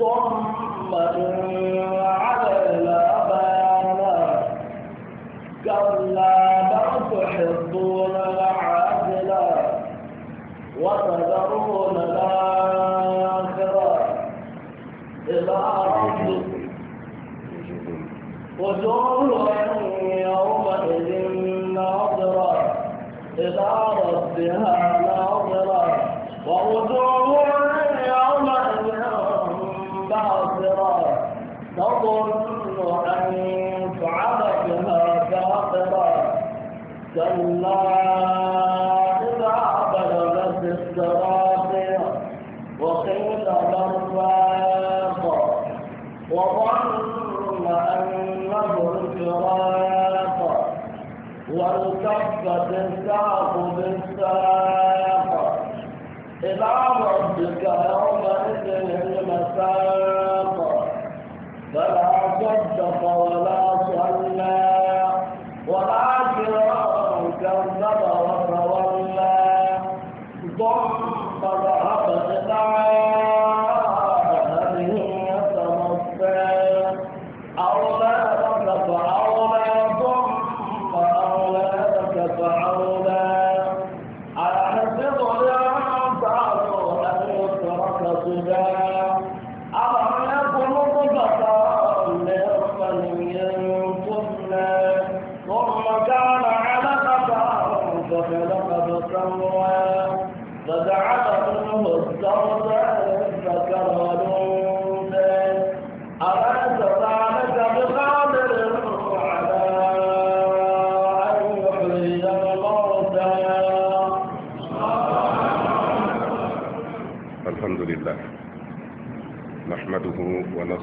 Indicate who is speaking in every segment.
Speaker 1: bomb كلا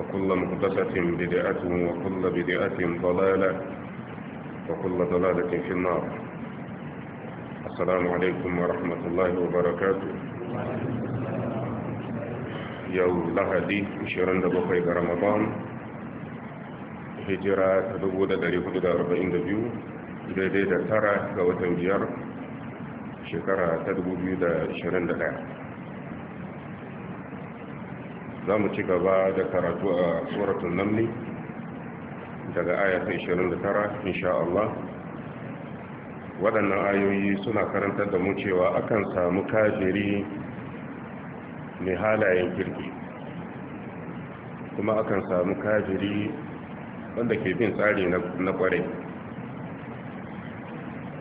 Speaker 2: وكل مقدسة بدعة وكل بدعة ضلالة وكل ضلالة في النار السلام عليكم ورحمة الله وبركاته يو لها دي مشيران دبقي رمضان هجرة تدود دليه دا ربعين دبيو إذا دي دا ترى كوتن بيار شكرا تدود دا شرين za mu ci gaba da karatu a suratun namni daga ayata 29 insha Allah waɗannan ayoyi suna karantar da mu cewa akan samu kajiri mai halayen kirki kuma akan samu kajiri wanda ke bin tsari na kwarai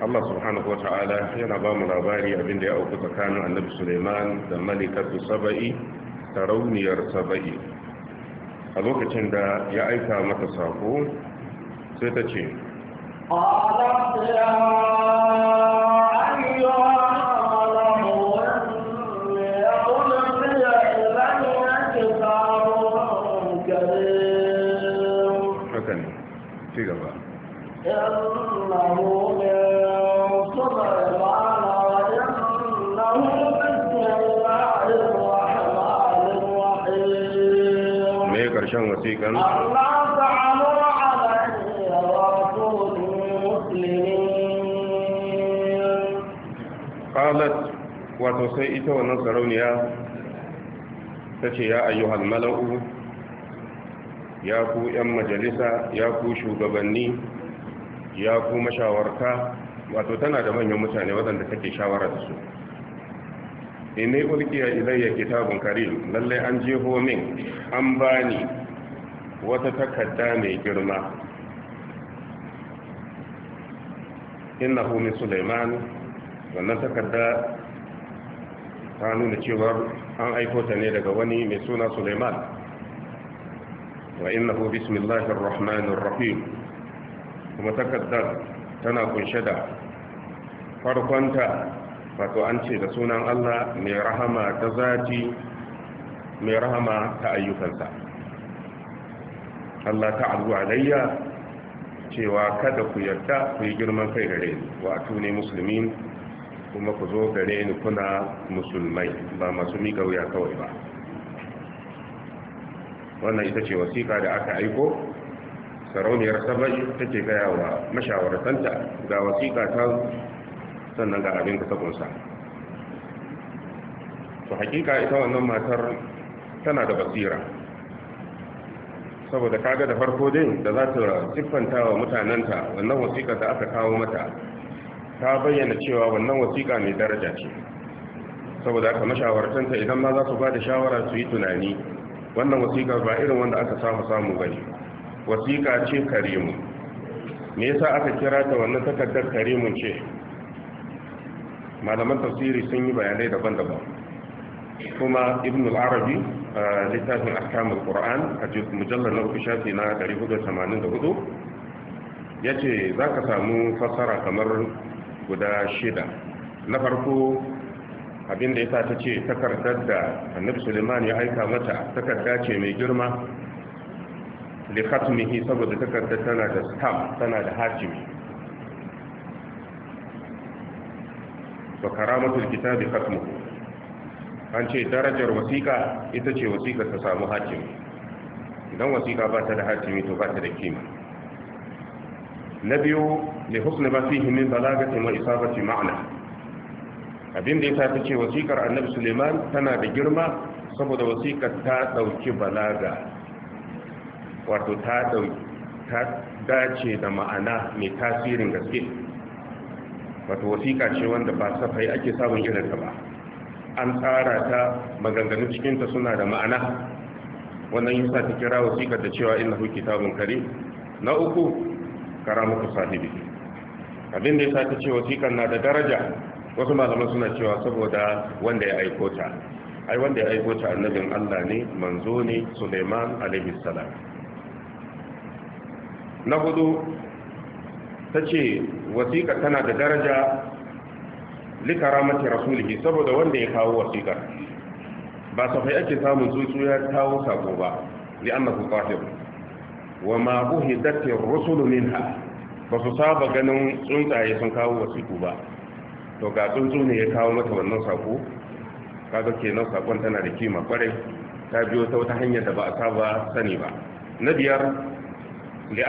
Speaker 2: Allah subhanahu wata'ala yana ba mu labari abinda ya auku tsakanin annabi Suleiman da malikatu saba'i sarauniyar saba'i a lokacin da ya aika mata sako sai ta ce
Speaker 3: Hakan, gaba.
Speaker 2: وصية وثيقا wato
Speaker 1: تعالى علي ورسول مسلمين
Speaker 2: قالت وتسيئت ونصرونيا تشي يا ya ku 'yan majalisa ya ku shugabanni ya ku mashawarta wato tana da manyan mutane waɗanda take shawara da su inai ulkiya ilayya kitabun karim Lallai an jeho min an bani wata takarda mai girma innahu min sulaiman wannan takarda ta nuna cewa an aiko ta ne daga wani mai suna sulaiman wa innahu bismillahir rahmanir rahim kuma takardar tana kunshe da farkonta wato an ce da sunan Allah mai rahama ta mai rahama ta ayyukansa Allah ta abu alayya cewa kada ku yarda ku yi girman kai gare ni wa ne musulmi kuma ku zo gare ni kuna musulmai ba masu miƙa wuya kawai ba wannan ita ce wasiƙa da aka aiko sarauniyar saba'i ta ce gaya wa mashawartanta ga wasiƙa ta sannan ga abin da ta kunsa to hakika ita wannan matar tana da basira saboda kaga da farko dai da za ta siffanta wa mutanenta wannan wasiƙa da aka kawo mata ta bayyana cewa wannan wasiƙa mai daraja ce saboda aka mashawartanta idan ma za su ba da shawara su yi tunani wannan wasiƙa ba irin wanda aka samu samu gani wasiƙa ce karimu me yasa aka kira ta wannan takardar karimun ce malaman tafsiri sun yi bayanai daban-daban kuma ibn al-arabi littafin ahkamul qur'an a mujallar na uku shafi na 484 yace zaka samu fassara kamar guda shida na farko abin da yasa tace takardar da Annabi Suleiman ya aika mata takarda ce mai girma li khatmihi saboda takardar tana da stamp tana da hatimi wa karamatul kitabi khatmuhu an ce darajar wasiƙa ita ce wasiƙa ta samu hakimi idan wasiƙa ba ta da hakimi to ba ta da kima na biyu da husna ba fihi min isa ba ce ma'ana abin da tafi ta ce wasiƙar annabi suleiman tana da girma saboda wasiƙar ta ɗauki balaga wato ta ta dace da ma'ana mai tasirin gaske wato wasiƙa ce wanda ba safai ake samun irinta ba an tsara ta maganganu cikinta suna da ma'ana wannan yi sa ta kira wasiƙa da cewa ina hu kitabun kare na uku karamatu sahibi abin da ya sa ta ce na da daraja wasu malaman suna cewa saboda wanda ya aiko ta ai wanda ya aiko ta annabin Allah ne manzo ne Suleiman alaihi salam na hudu ta ce wasiƙa tana da daraja likaramati rasulihi saboda wanda ya kawo wasiƙa ba safai ake samun tsuntsu ya kawo sako ba li annahu qatil wa ma uhidat ar-rusulu minha ba su saba ganin tsuntsaye sun kawo wasiƙu ba to ga tsuntsu ne ya kawo mata wannan sako kaga kenan sakon tana da kima kwarai ta biyo ta wata hanyar da ba a saba sani ba na biyar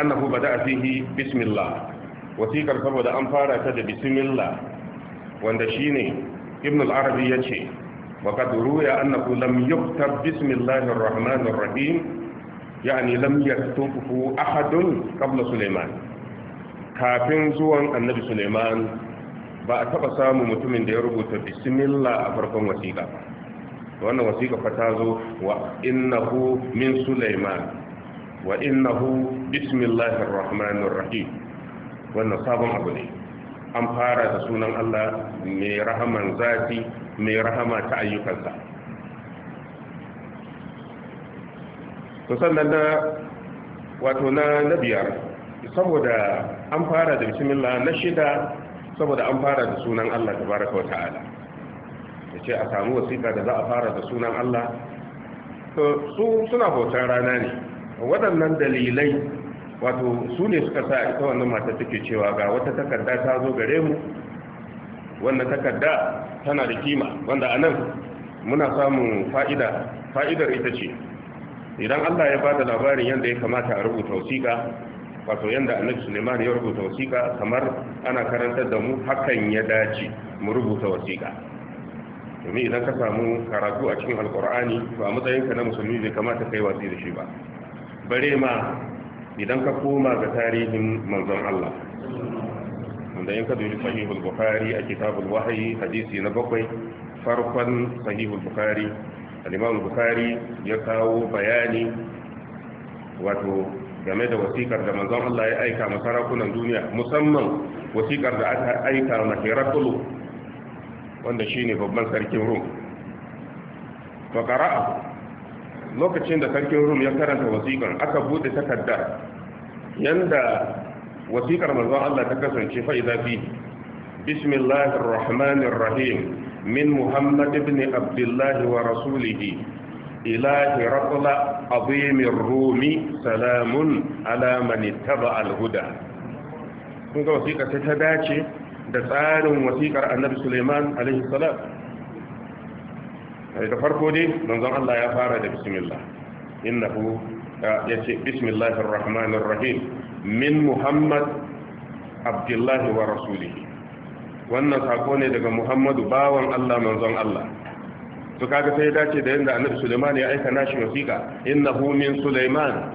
Speaker 2: annahu bada fihi bismillah wasiƙar saboda an fara ta da bismillah wanda shine ibn al-arabi ya ce, qad ya annahu lam yuktab bismillahir rahmanir rahim yani lam yaktubuhu ahadun ƙabla sulaiman kafin zuwan annabi Suleiman, ba a taba samu mutumin da ya rubuta bismillah a farkon wasiƙa wannan wasiƙa fa ta zo wa innahu min sulaiman wa innahu bismillahir rahmanir rahim wannan sabon abu ne an fara da sunan Allah mai rahaman zafi mai rahama ta ayyukansa to sannan na wato na na biyar saboda an fara da bismillah na shida saboda an fara da sunan Allah tabaraka wa ta'ala yace a samu wasiƙa da za a fara da sunan Allah to su suna hoton rana ne waɗannan dalilai wato su ne suka sa ita wannan mata take cewa ga wata takarda ta zo gare mu wannan takarda tana da kima wanda a nan muna samun fa'ida fa'idar ita ce idan allah ya ba da labarin yadda ya kamata a rubuta wasiƙa wato yadda annabi suleiman ya rubuta wasiƙa kamar ana karantar da mu hakan ya dace mu rubuta wasiƙa domin idan ka samu karatu a cikin Alƙur'ani ba a matsayinka na musulmi bai kamata kai watsi da shi ba bare ma idan ka koma ga tarihin manzon Allah wanda in ka sahihul bukhari a kitabul wahyi hadisi na bakwai farkon sahihul bukhari al-imam bukhari ya kawo bayani wato game da wasikar da manzon Allah ya aika ma sarakunan duniya musamman wasikar da aka aika ma Herakulu wanda shine babban sarkin Rum fa qara'ahu lokacin da sarkin rum ya karanta wasiƙan aka buɗe takarda yanda wasiƙar manzon Allah ta kasance fa idza fi bismillahir rahmanir rahim min muhammad ibn abdullah wa rasulihi ila hirqal azimir rumi salamun ala man ittaba al huda kun ga wasiƙar ta dace da tsarin wasiƙar annabi Suleiman alaihi salam da farko dai manzon Allah ya fara da bismillah innahu ya ce bismillahir rahmanir rahim min muhammad abdullahi wa rasulihi wannan sako ne daga muhammadu bawan Allah manzon Allah to kaga sai dace da yanda annabi Sulaiman ya aika nashi wasiqa innahu min Sulaiman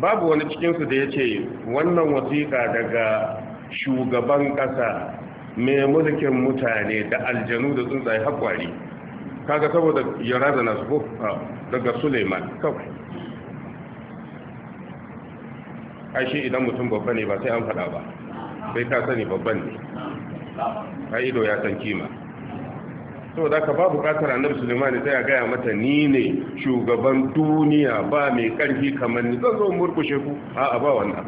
Speaker 2: babu wani cikin su da yace wannan wasiqa daga shugaban kasa mai mulkin mutane da aljanu da tsuntsaye hakwari kaga saboda yara da su ko daga suleiman kawai ai shi idan mutum babba ne ba sai an faɗa ba sai ka sani babban ne ai ido ya san kima saboda ka ba bukatar annabi suleiman sai ya gaya mata ni ne shugaban duniya ba mai karfi kamar ni zan zo murkushe ku a ba wannan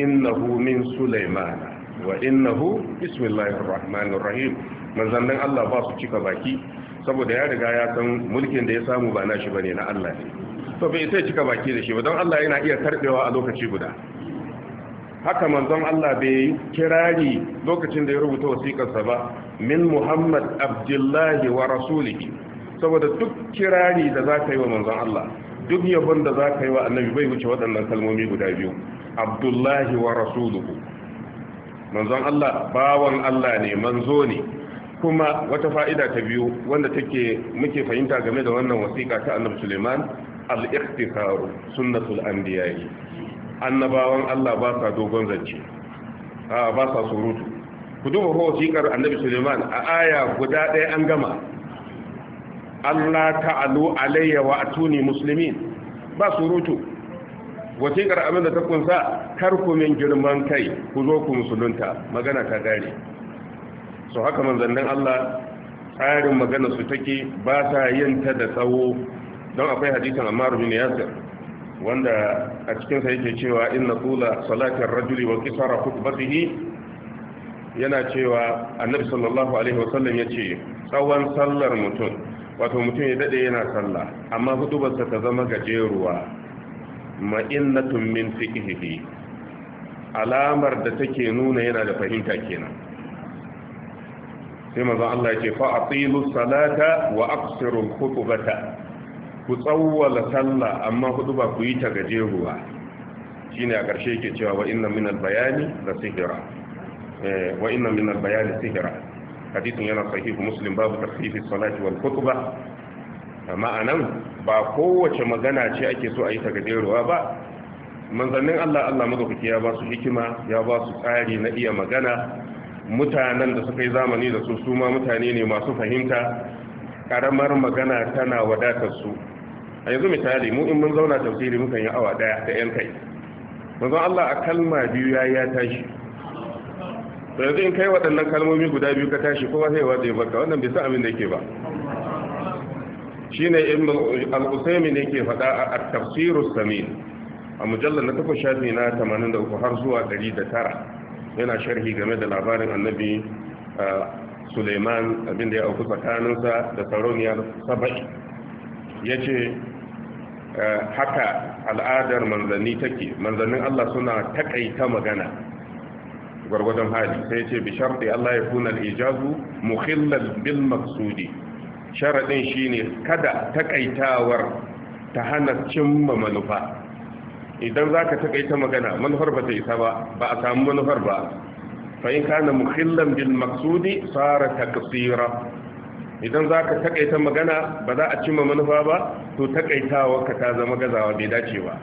Speaker 2: innahu min suleiman wa innahu bismillahir rahmanir rahim manzannin Allah ba su cika baki saboda ya riga ya san mulkin da ya samu ba nashi bane na Allah ne to bai sai cika baki da shi ba don Allah yana iya karbewa a lokaci guda haka manzon Allah bai kirari lokacin da ya rubuta wasiƙarsa ba min Muhammad Abdullahi wa rasulihi saboda duk kirari da zaka yi wa manzon Allah duk yabon da zaka yi wa annabi bai wuce waɗannan kalmomi guda biyu Abdullahi wa rasuluhu manzon Allah bawan Allah ne manzo ne kuma wata fa'ida ta biyu wanda take muke fahimta game da wannan wasiƙa ta annabi Suleiman al-ikhtisaru sunnatul anbiya'i annabawan Allah ba sa dogon zance ba sa surutu ku duba wasiƙar annabi Suleiman a aya guda ɗaya an gama Allah ta'alu alayya wa tuni musulmi ba surutu wasiƙar abin da ta kunsa kar ku min girman kai ku zo ku musulunta magana ta gare su haka manzannin Allah tsarin magana su take ba sa yin ta da tsawo don akwai hadisin Ammar bin Yasir wanda a cikin sa yake cewa inna qula salatar rajuli wa qisara khutbatihi yana cewa annabi sallallahu alaihi wasallam yace tsawon sallar mutum wato mutum ya daɗe yana sallah amma hudubarsa ta zama gajeruwa ma'innatun min fiqhihi alamar da take nuna yana da fahimta kenan sai mazan Allah ke fa'a atilu salata wa aqsiru khutbata ku tsawwala talla amma ba ku yi ta Shi ne a ƙarshe ke cewa wa inna minal bayani la sihra eh, wa inna minal bayani sihra hadithun yana sahih muslim babu tarhif salati wal khutba ma'anan ba kowace magana ce ake so a yi ta gajeruwa ba manzannin Allah Allah madaukaki ya ba su hikima ya ba su tsari na iya magana mutanen da suka yi zamani da su suma mutane ne masu fahimta karamar magana tana wadatar su a yanzu misali mu in mun zauna tafsiri mukan yi awa daya da yan kai manzon Allah a kalma biyu ya ya tashi to yanzu in kai waɗannan kalmomi guda biyu ka tashi kowa zai watsa baka wannan bai san abin da yake ba shine ibn al ne ke faɗa a At tafsirus samin a mujallar na takwas shafi na 83 har zuwa 109 yana sharhi game da labarin annabi suleiman abinda ya auku tsakaninsa da sarauniyar saba'i ya ce haka al'adar manzanni take manzannin allah suna takaita magana gwargwadon hali sai ce bi sharɗi allah ya kuna al'ijazu mukhillal bil maksudi sharaɗin shine kada takaitawar ta hana cimma manufa idan za ka taƙaita magana manufar ba ta isa ba ba a samu manufar ba fa'in ka na muhillan bil maksudi tsara takasira idan za ka taƙaita magana ba za a cimma manufa ba to taƙaitawa ka ta zama gazawa bai dace ba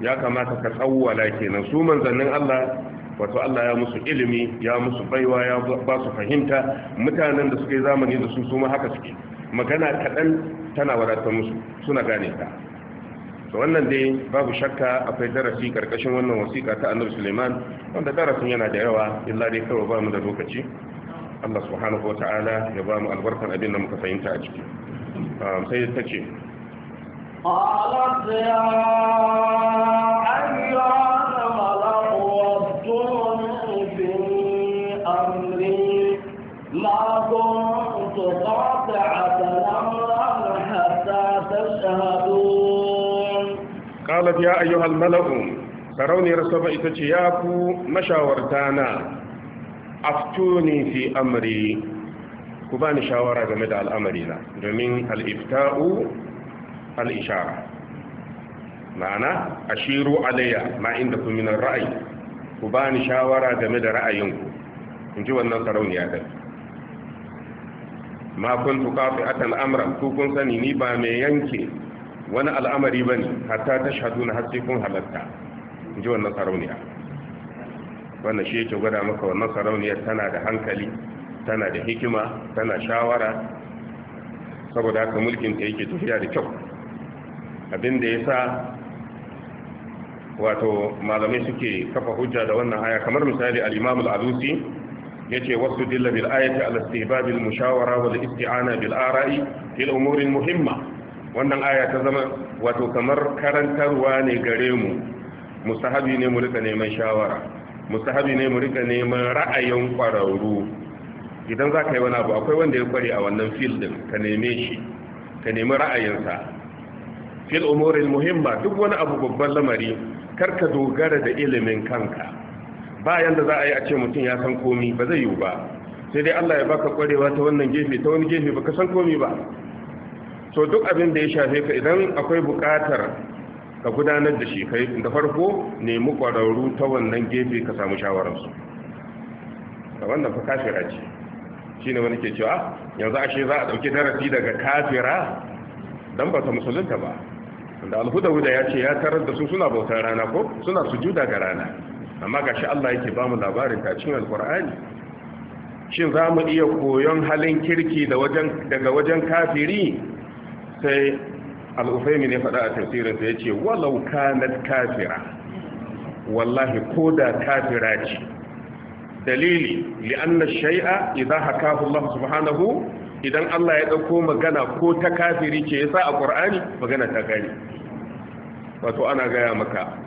Speaker 2: ya kamata ka tsawwala kenan su manzannin Allah wato Allah ya musu ilimi ya musu baiwa ya ba su fahimta mutanen da suka yi zamani da su su ma haka suke magana kaɗan tana wadatar musu suna gane ta to wannan dai babu shakka akwai darasi karkashin wannan wasiƙa ta annabi Suleiman wanda darasin yana da yawa illa dai kawai ba mu da lokaci Allah subhanahu wata'ala ya ba mu albarkan abin da muka fahimta a ciki sai ta ce
Speaker 1: قالت يا أيها الملأ وافتوني في
Speaker 2: qalat ya ayyuhal mala'u sarauniyar saba ita ce ya fi mashawarta na aftuni fi amri ku ba ni shawara game da al'amari na domin al'ifta'u al'ishara ma'ana ashiru alayya ma inda ku minar ra'ayi ku ba shawara game da ra'ayinku in ji wannan amra kukun sani ni ba mai yanke wani al'amari ba ne hatta ta shahadu na hatsi kun halatta in ji wannan sarauniya wannan shi yake gwada maka wannan sarauniyar tana da hankali tana da hikima tana shawara saboda haka mulkinta yake tafiya da kyau abin da ya sa wato malamai suke kafa hujja da wannan haya, kamar misali alimamul imam al-alusi yace wasu dilla bil ayati ala mushawara wal isti'ana bil ara'i fil umurin muhimma wannan aya ta zama wato kamar karantarwa ne gare mu musahabi ne mu rika neman shawara musahabi ne mu rika neman ra'ayin kwararru idan za ka yi wani abu akwai wanda ya kware a wannan fil din ka neme shi ka nemi ra'ayinsa fil umurin muhimma duk wani abu babban lamari kar ka dogara da ilimin kanka bayan da za a yi a ce mutum ya san komi ba zai yiwu ba sai dai Allah ya baka kwarewa ta wannan gefe ta wani gefe baka san komi ba so duk abin da ya shafe ka idan akwai buƙatar ka gudanar da shi kai da farko nemi ƙwararru ta wannan gefe ka samu shawararsu da wannan fa kafira ce shi ne wani ke cewa yanzu ashe za a ɗauki darasi daga kafira don ba ta musulunta ba da alhuda-huda ya ce ya tarar da su suna bautar rana ko suna sujuda ga rana amma ga shi Allah yake ba mu labarin ta cikin alkur'ani shin za mu iya koyon halin kirki daga wajen kafiri sai al'ufaimin ne faɗa a tafsirinsa ya ce walau kanat kafira wallahi ko da kafira ce dalili li'anna shai'a idan hakahu Allah subhanahu idan Allah ya ɗauko magana ko ta kafiri ce yasa a ƙur'ani magana ta gari wato ana gaya maka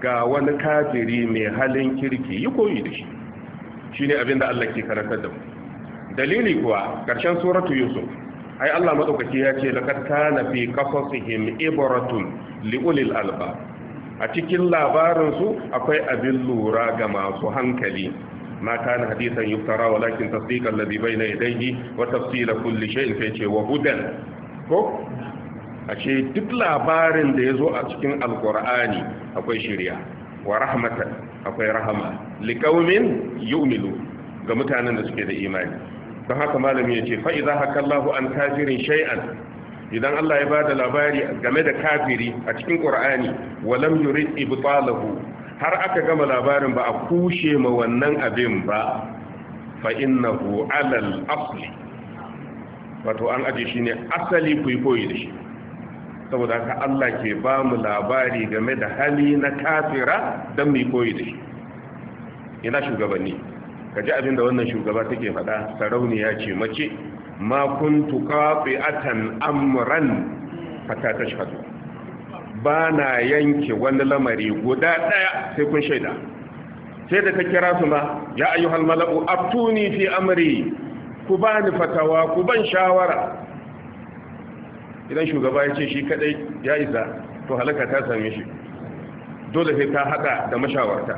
Speaker 2: ga wani kafiri mai halin kirki yi koyi da shi shine ne abinda Allah ke karantar da mu dalili kuwa ƙarshen suratu yusuf ai Allah madaukaki ya ce laqad kana fi qasasihim ibratun li ulil alba a cikin labarin su akwai abin lura ga masu hankali ما كان حديثا يفترى ولكن تصديق الذي بين يديه وتفصيل كل شيء wa وهدى ko ce duk labarin da ya zo a cikin alkur'ani akwai shirya wa rahmatan akwai rahama liƙaumin yu'minu ga mutanen da suke da imani don haka malami ya ce fa'iza haka Allahu an kafirin shay'an idan Allah ya bada labari game da kafiri a cikin ƙur'ani walam yurid ibtalahu har aka gama labarin ba a kushe ma wannan abin ba fa innahu alal asli wato an aji shi ne asali ku yi koyi da shi saboda haka Allah ke ba mu labari game da hali na kafira don mu yi koyi da shi ina shugabanni ka ji abin da wannan shugaba take faɗa sarauniya ce mace ma kuntu qati'atan amran shi tashhadu ba na yanke wani lamari guda ɗaya sai kun shaida sai da ta kira su ma ya ayyuhal mala'u aftuni fi amri ku bani fatawa ku ban shawara idan shugaba ya ce shi kaɗai ya isa to halaka ta same shi dole sai ta haɗa da mashawarta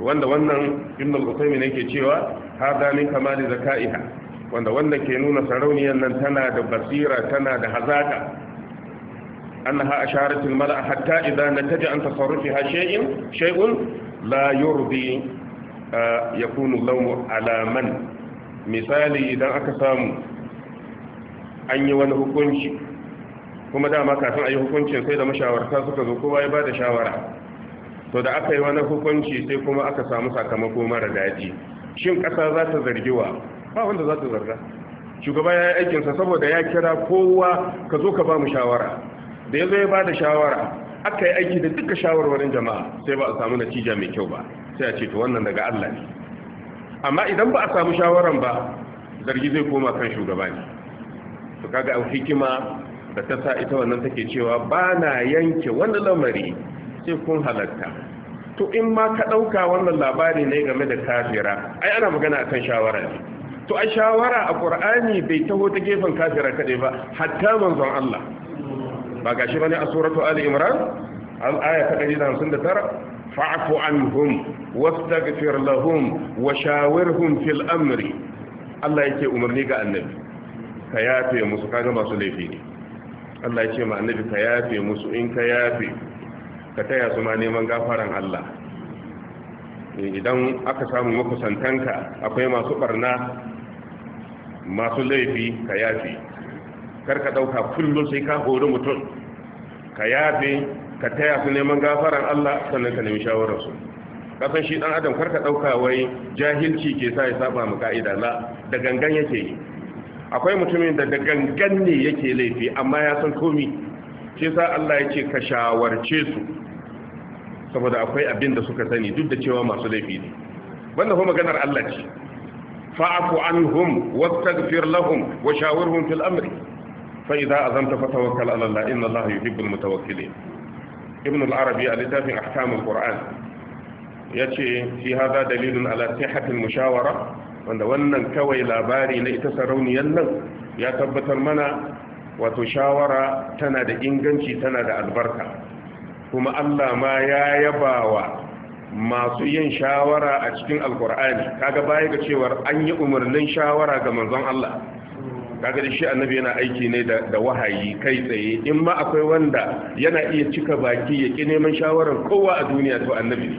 Speaker 2: wanda wannan ibn al-usaymi ne ke cewa hada min kamali zakaiha wanda wanda ke nuna sarauniyar nan tana da basira tana da hazaka annaha asharatul mala'a hatta idza nataja an tasarrufiha shay'in shay'un la yurdi yakunu lawmu ala man misali idan aka samu an yi wani hukunci kuma dama kafin a yi hukuncin sai da mashawarta suka zo kowa ya ba da shawara to da aka yi wani hukunci sai kuma aka samu sakamako mara daji, shin ƙasa za ta zargi wa ba wanda za ta zarga shugaba ya yi aikinsa saboda ya kira kowa ka zo ka ba mu shawara da ya zo ya ba da shawara aka yi aiki da duka shawarwarin jama'a sai ba a samu natija mai kyau ba sai a ce to wannan daga Allah ne amma idan ba a samu shawaran ba zargi zai koma kan shugaba ne to kaga hikima da ta sa ita wannan take cewa ba na yanke wani lamari sai kun halatta to in ma ka ɗauka wannan labari ne game da kafira ai ana magana akan shawara ne to a shawara a ƙur'ani bai taho ta gefen kafira kaɗai ba hatta manzon Allah ba ga shi bane a suratu ali imran al-aya ta 159 fa'fu anhum wastaghfir lahum wa shawirhum fil amri Allah yake umarni ga annabi ka yafe musu kaga masu laifi ne Allah ya ce ma annabi ka yafe musu in ka yafe ka taya su ma neman gafaran Allah eh, idan aka samu makusantanka akwai masu barna masu laifi ka yafe kar ka ɗauka kullum sai ka hori mutum ka yafe ka taya su neman gafaran Allah sannan ka nemi shawararsu kasan shi ɗan adam kar ka ɗauka wai jahilci ke sa ya saba mu ka'ida la da gangan yake akwai mutumin da da gangan ne yake laifi amma ya san komi shi sa Allah ya ce ka shawarce su saboda akwai abin da suka sani duk da cewa masu laifi ne wanda kuma maganar Allah ce fa'afu anhum wastaghfir lahum wa shawirhum fil amri fa idza azamta fatawakkal ala Allah inna Allah yuhibbul mutawakkilin ibn al-arabi a littafin ahkam al-qur'an yace fi hada dalilun ala sihhati al-mushawara wanda wannan kawai labari na ita sarauniyan nan ya tabbatar mana wato shawara tana da inganci tana da albarka kuma Allah ma ya yaba wa masu yin shawara a cikin alkur'ani kaga baya ga cewar an yi umarnin shawara ga manzon Allah kaga da shi annabi yana aiki ne da wahayi kai tsaye in ma akwai wanda yana iya cika baki ya ki neman shawara kowa a duniya to annabi ne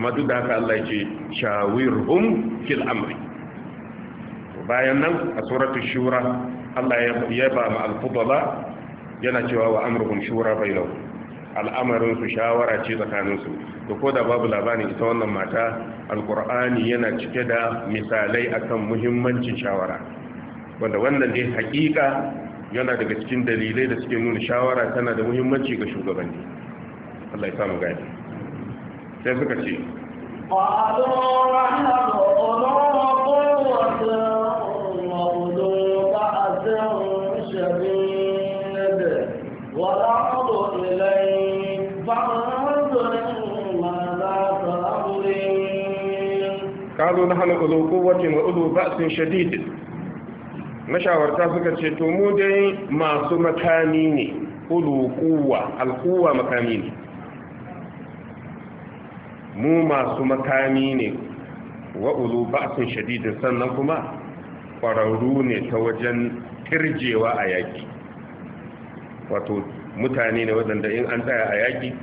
Speaker 2: amma duk da haka Allah ya ce shawirhum fil amri bayan nan a suratul shura Allah ya ba ma alfubala yana cewa wa amruhum shura bainahum al'amarin su shawara ce tsakanin su ko da babu labarin ita wannan mata Alkur'ani yana cike da misalai akan muhimmancin shawara wanda wannan dai hakika yana daga cikin dalilai da suke nuna shawara tana da muhimmanci ga shugabanni Allah ya samu gani sai suka ce قالوا نحن أولو قوة قالوا نحن أولو قوة وأولو بأس شديد mashawarta suka ce to mu dai masu makami ne ulu kuwa alkuwa makami ne mu masu makami ne wa ulu ba'sun shadidin sannan kuma kwararru ne ta wajen kirjewa a yaki wato mutane ne waɗanda in an tsaya a yaki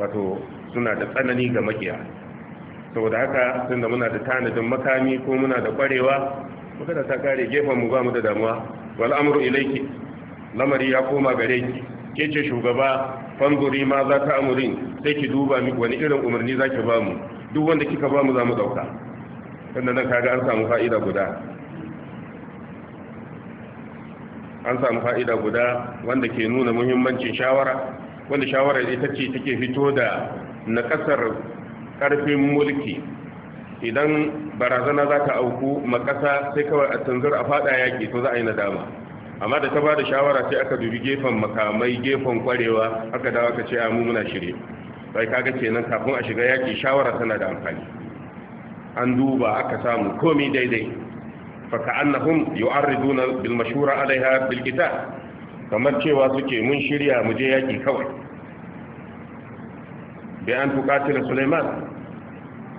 Speaker 2: wato suna da tsanani ga makiya saboda haka tunda muna da tanadin makami ko muna da kwarewa da ta kare gefen mu ba mu da damuwa wal amru ilayki lamari ya koma gare ki ke ce shugaba fanzuri ma za ta amurin sai ki duba mi wani irin umarni za ki mu duk wanda kika ba mu za mu dauka tunda nan kaga an samu fa'ida guda an samu fa'ida guda wanda ke nuna muhimmancin shawara wanda shawarar ita ce take fito da na kasar ƙarfin mulki idan barazana za ta auku makasa sai kawai a tanzar a fada yaƙi to za a yi nadama amma da ta ba da shawara sai aka dubi gefen makamai gefen kwarewa aka dawa aka ce a mu muna shirye sai kaga kenan kafin a shiga yaƙi shawara tana da amfani an duba aka samu komai daidai fa annahum yu'arriduna bil mashura alaiha bil kitab kamar cewa suke mun shirya mu je yaƙi kawai bi an tuqatila Sulaiman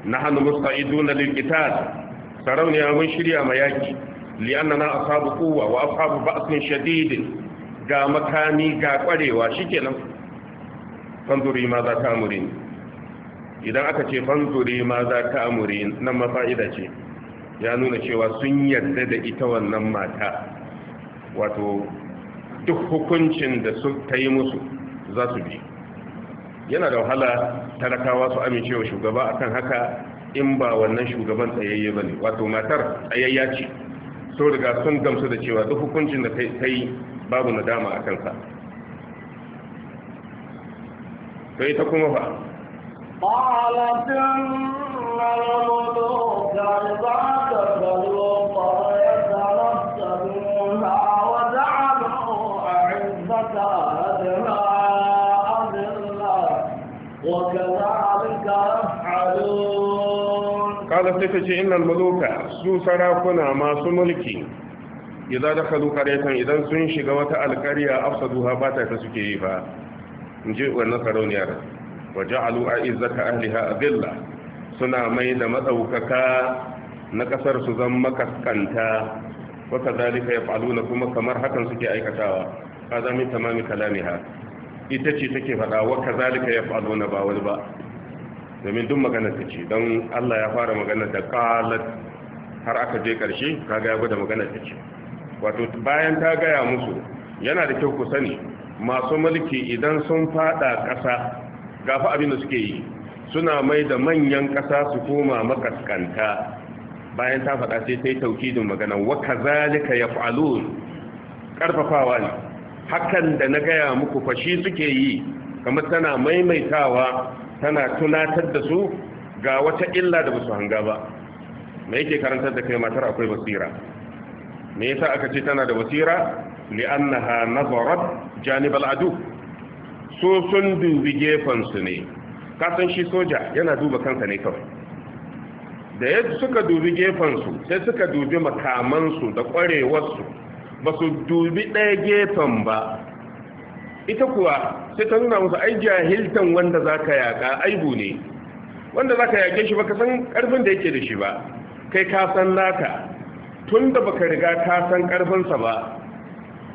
Speaker 2: nahnu musta'iduna lil qital sarauniya mun shirya mayaki li'annana ashabu quwwa wa ashabu ba'sin shadid ga makami ga kwarewa shikenan fanzuri ma za ta amurin idan aka ce fanzuri ma za ta amurin nan mafa'ida ce ya nuna cewa sun yarda da ita wannan mata wato duk hukuncin da su ta yi musu za su bi yana da wahala talakawa su amincewa shugaba akan haka in ba wannan shugaban tsayayye ba ne wato matar tsayayya ce sau daga sun gamsu da cewa duk hukuncin da ta yi babu nadama a kansa Sai ta kuma ba
Speaker 1: قالت إن za ta تبلغ
Speaker 2: suka ce innal muluka su sarakuna masu mulki idza dakhalu qaryatan idan sun shiga wata alqarya afsaduha ba ta suke yi ba inji wannan sarauniyar wa ja'alu ahliha adilla suna mai da madaukaka na kasar su zan makaskanta wa kadhalika yaf'aluna kuma kamar hakan suke aikatawa hada min tamami kalamiha ita ce take faɗawa wa kadhalika yaf'aluna ba wani ba domin duk maganar ta ce don Allah ya fara magana da kalat har aka je karshe kaga ya gwada maganar ta ce wato bayan ta gaya musu yana da kyau ku sani masu mulki idan sun fada ƙasa gafa abin da suke yi suna mai da manyan ƙasa su koma makaskanta bayan ta faɗa sai ta yi taukidin magana wa kazalika fa'alu karfafawa ne hakan da na gaya muku fashi suke yi kamar tana maimaitawa tana tunatar da su ga wata illa da basu hanga ba me yake karantar da kai matar akwai basira me yasa aka ce tana da basira li'annaha nazarat janib al'adu so sun dubi gefen su ne ka san shi soja yana duba kansa ne kawai da yadda suka dubi gefen su sai suka dubi makaman su da kwarewar su ba su dubi ɗaya gefen ba ita kuwa sai ta nuna musu ai jahiltan wanda zaka yaka aibu ne wanda zaka yake shi baka san karfin da yake da shi ba kai ka san naka tunda baka riga ka san karfin sa ba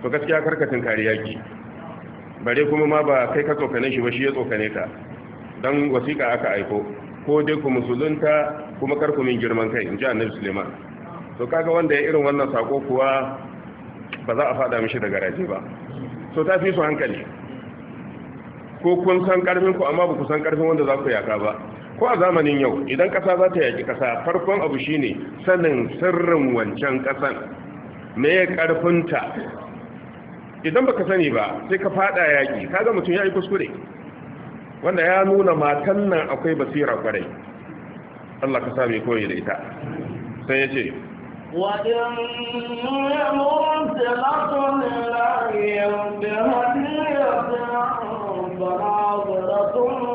Speaker 2: to gaskiya karkatin kariya ki bare kuma ma ba kai ka tsokane shi ba shi ya tsokane ka dan wasiƙa aka aiko ko dai ku musulunta kuma karku min girman kai inji annabi Suleiman to kaga wanda ya irin wannan sako kuwa ba za a faɗa mishi da garaje ba So ta fi su hankali ko kun san karfin ku amma ba ku san karfin wanda za ku yaka ba ko a zamanin yau idan kasa za ta yaki kasa farkon abu shine sanin sirrin wancan kasan me ya karfinta idan baka sani ba sai ka fada yaki kaga mutum ya yi kuskure wanda ya nuna matan nan akwai basira kwarai Allah ka sa mai koyi da ita sai ya ce
Speaker 1: وإني مرسلة إليهم بهدية فناظرة ببعض المرسلون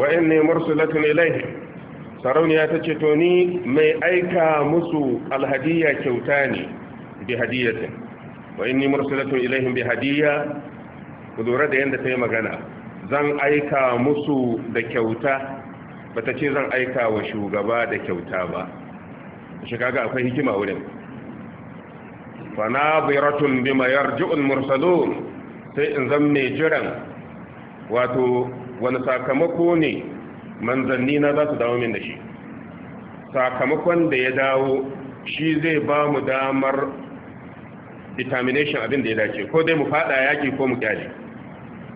Speaker 2: وإني مرسلة إليهم sarauniya ta ce to mai aika musu alhadiya kyauta ne bi hadiyatin wa inni mursalatun ilaihim bi hadiya ku lura da yadda ta yi magana zan aika musu da kyauta bata ce zan aika wa shugaba da kyauta ba shi kaga akwai hikima wurin fa biratun bima yarji'ul mursalun sai in zan mai jiran wato wani sakamako ne manzanni na za su dawo min da shi sakamakon da ya dawo shi zai ba mu damar determination abin da ya dace ko dai mu fada yaki ko mu kyale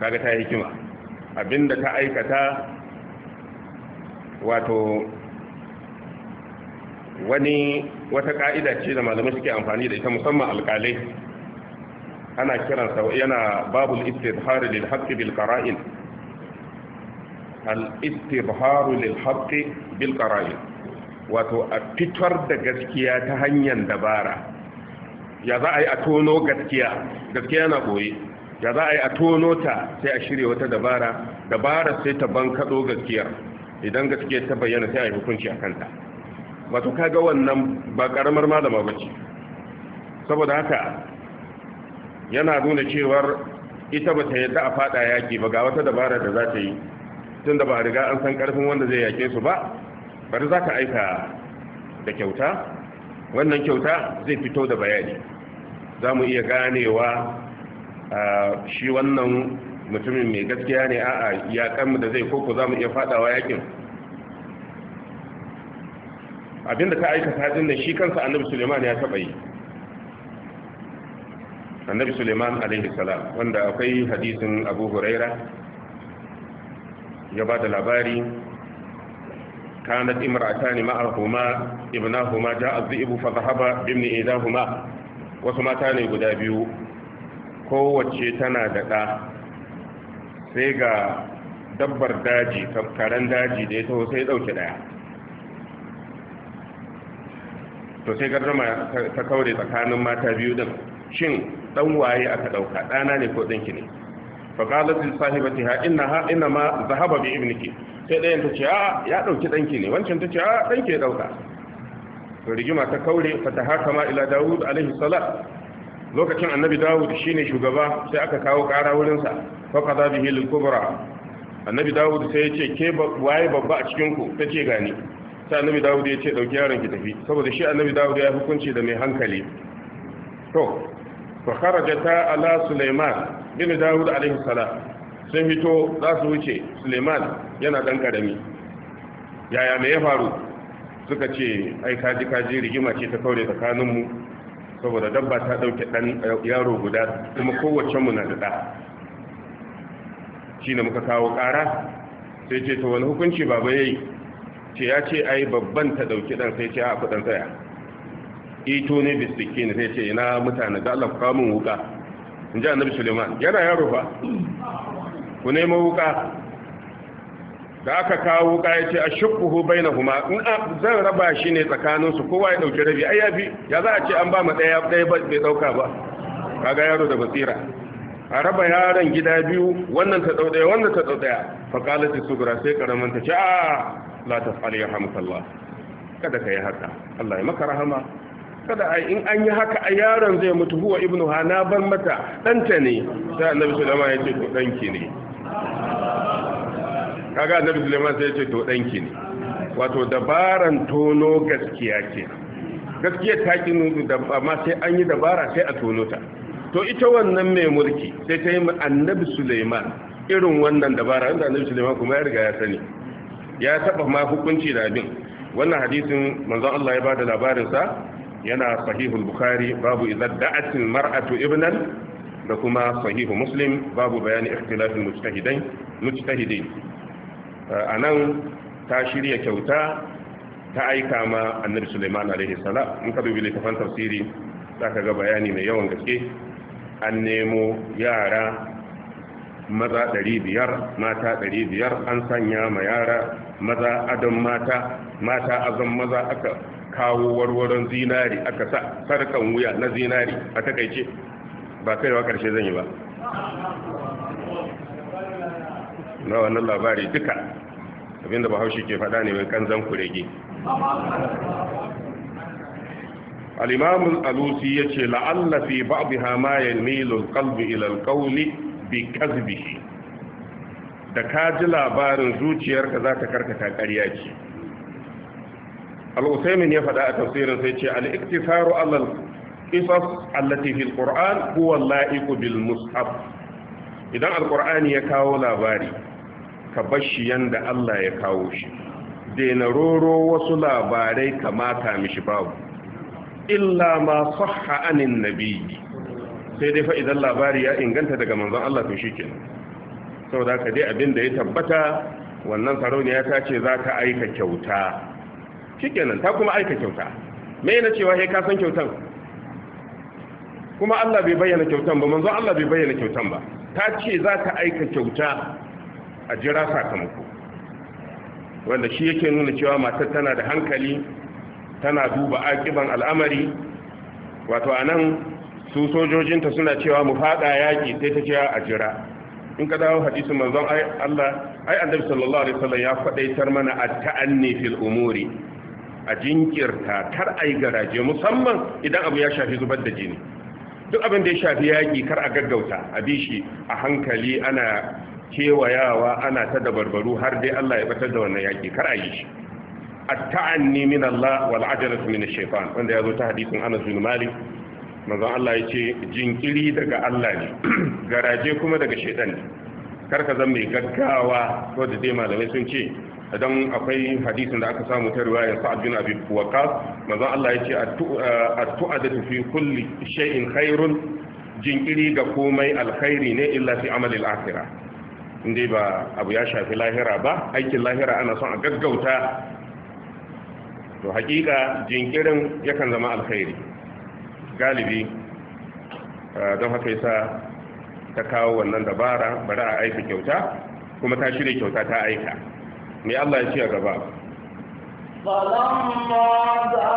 Speaker 2: kaga ta hikima abin da ta aikata wato wani wata ka'ida ce da malamai suke amfani da ita musamman alkalai ana kiransa yana babul istidhar lil haqqi bil qara'in al istidhar lil haqqi bil qara'in wato a fitar da gaskiya ta hanyar dabara ya za a yi a tono gaskiya gaskiya na boye ya za a yi a tono ta sai a shirya wata dabara dabara sai ta bankaɗo gaskiyar idan gaskiya ta bayyana sai a yi hukunci a kanta wato ga wannan ba karamar malama ba ce saboda haka yana nuna cewar ita ba ta yadda a fada yaki ba ga wata dabara da za ta yi tun da ba riga an san karfin wanda zai yake su ba bari za ka aika da kyauta wannan kyauta zai fito da bayani za mu iya ganewa shi wannan mutumin mai gaskiya ne a yakanmu da zai koko za mu iya fadawa yakin abinda ta aikata din nan shi kansa annabi Suleiman ya taba yi annabi Suleiman alaihi salam wanda akwai hadisin Abu Huraira ya ba da labari kanat imra'atani ma'ahuma ibnahuma ja'a dhi'bu fa dhahaba bimni idahuma wasu mata ne guda biyu kowace tana da ɗa sai ga dabbar daji karen daji da ya taho sai ɗauke ɗaya to sai gardama ta kaure tsakanin mata biyu din shin dan waye aka dauka dana ne ko danki ne fa qalat li sahibatiha inna ma zahaba bi ibniki sai dayan ta ce a ya dauki danki ne wancan ta ce a danki ya dauka to rigima ta kaure fa ta hakama ila daud alaihi salat lokacin annabi dawud shine shugaba sai aka kawo kara wurin sa fa qada bihi lil kubra annabi dawud sai ya ce ke waye babba a cikin ku tace gani sai annabi dawud ya ce dauki yaron ki tafi saboda shi annabi dawud ya hukunci da mai hankali to fa kharajata ala sulaiman bin dawud alaihi salam sun fito za su wuce sulaiman yana dan karami yaya me ya faru suka ce ai kaji kaji rigima ce ta kaure tsakanin mu saboda dabba ta dauke dan yaro guda kuma kowace mu na da da shine muka kawo kara sai ce to wani hukunci baba yayi ce ya ce ai babban ta dauki dan sai ce a dan tsaya ito ne ne sai ce ina mutane da Allah min wuka in ji annabi Suleiman yana yaro fa ku nemo wuka da aka kawo wuka ya ce a shukuhu bai na huma in zan raba shi ne tsakaninsu kowa ya ɗauki rabi ai yafi ya za a ce an ba mu ɗaya ɗaya bai ɗauka ba kaga yaro da basira a raba yaron gida biyu wannan ta ɗau ɗaya wannan ta ɗau ɗaya fakalati sugura sai karamin ta ce a la taf'al yarhamukallah kada kai haka Allah ya maka rahama kada ai in an yi haka a yaron zai mutu huwa ibnu hana ban mata danta ne sai annabi sulaiman ya ce to danki ne kaga annabi sulaiman sai ya ce to danki ne wato dabaran tono gaskiya ke gaskiya ta kinu da amma sai an yi dabara sai a tono ta to ita wannan mai mulki sai ta yi annabi sulaiman irin wannan dabara inda annabi sulaiman kuma ya riga ya sani ya taba ma hukunci da abin wannan hadisin manzon Allah ya bada labarin sa yana sahihul bukhari babu idza da'atil mar'atu ibnan da kuma sahihu muslim babu bayani ikhtilafil mujtahidain mujtahidin anan ta shirya kyauta ta aika ma annabi Sulaiman alaihi salam in ka dubi littafin tafsiri zaka ga bayani mai yawan gaske an nemo yara maza ɗari biyar mata ɗari biyar an sanya ma yara maza adon mata mata azon maza aka kawo warwaron zinari aka sa sarkan wuya na zinari a takaice ba kaiwa ƙarshe zan yi ba na wannan labari duka abinda bahaushe ke faɗa ne mai kanzan kurege Alusi ya ce, la'allafi, في hama ya يميل kalbi ilal kauli bi kazbihi da ka ji labarin zuciyarka za ta karkata ƙarya ce al-usaimin ya faɗa a tafsirin sai ce al-iktisaru allal qisas allati fil qur'an huwa la'iqu bil mushaf idan al-qur'ani ya kawo labari ka bashi yanda Allah ya kawo shi daina roro wasu labarai kamata mishi babu illa ma sahha anin nabiyyi sai dai fa idan labari ya inganta daga manzon Allah to Sau saboda ka dai abin da ya tabbata wannan sarauniya ta ce za ka aika kyauta kenan ta kuma aika kyauta me na cewa ya ka san kyautan kuma Allah bai bayyana kyautan ba manzon Allah bai bayyana kyautan ba ta ce za ka aika kyauta a jira sakamako wanda shi yake nuna cewa matar tana da hankali tana duba akiban al'amari wato anan su sojojinta suna cewa mu fada yaki sai ta cewa a jira in ka dawo hadisin manzon ai Allah ai annabi sallallahu alaihi wasallam ya fadaitar mana at-ta'anni fil umuri a jinkirta kar ai garaje musamman idan abu ya shafi zubar da jini duk abin da ya shafi yaki kar a gaggauta a bishi a hankali ana kewayawa ana ta dabarbaru har dai Allah ya batar da wannan yaki kar a yi shi at-ta'anni min Allah wal ajalatu min ash-shaytan wanda ya zo ta hadisin Anas bin Malik manzon Allah ya ce jinkiri daga Allah ne garaje kuma daga shaitan ne karka zan mai gaggawa da dai malamai sun ce don akwai hadisin da aka samu ta riwaya sa'ad bin abi waqas manzon Allah ya ce at-tu'adatu eh, fi kulli shay'in khairun jinkiri ga komai alkhairi ne illa fi amalil akhirah inda ba abu ya shafi lahira ba aikin lahira ana son a gaggauta to hakika jinkirin yakan zama alkhairi galibi don haka yasa ta kawo wannan dabara bari a aika kyauta kuma ta shirya kyauta ta aika me Allah ya ce a gaba
Speaker 1: Salam da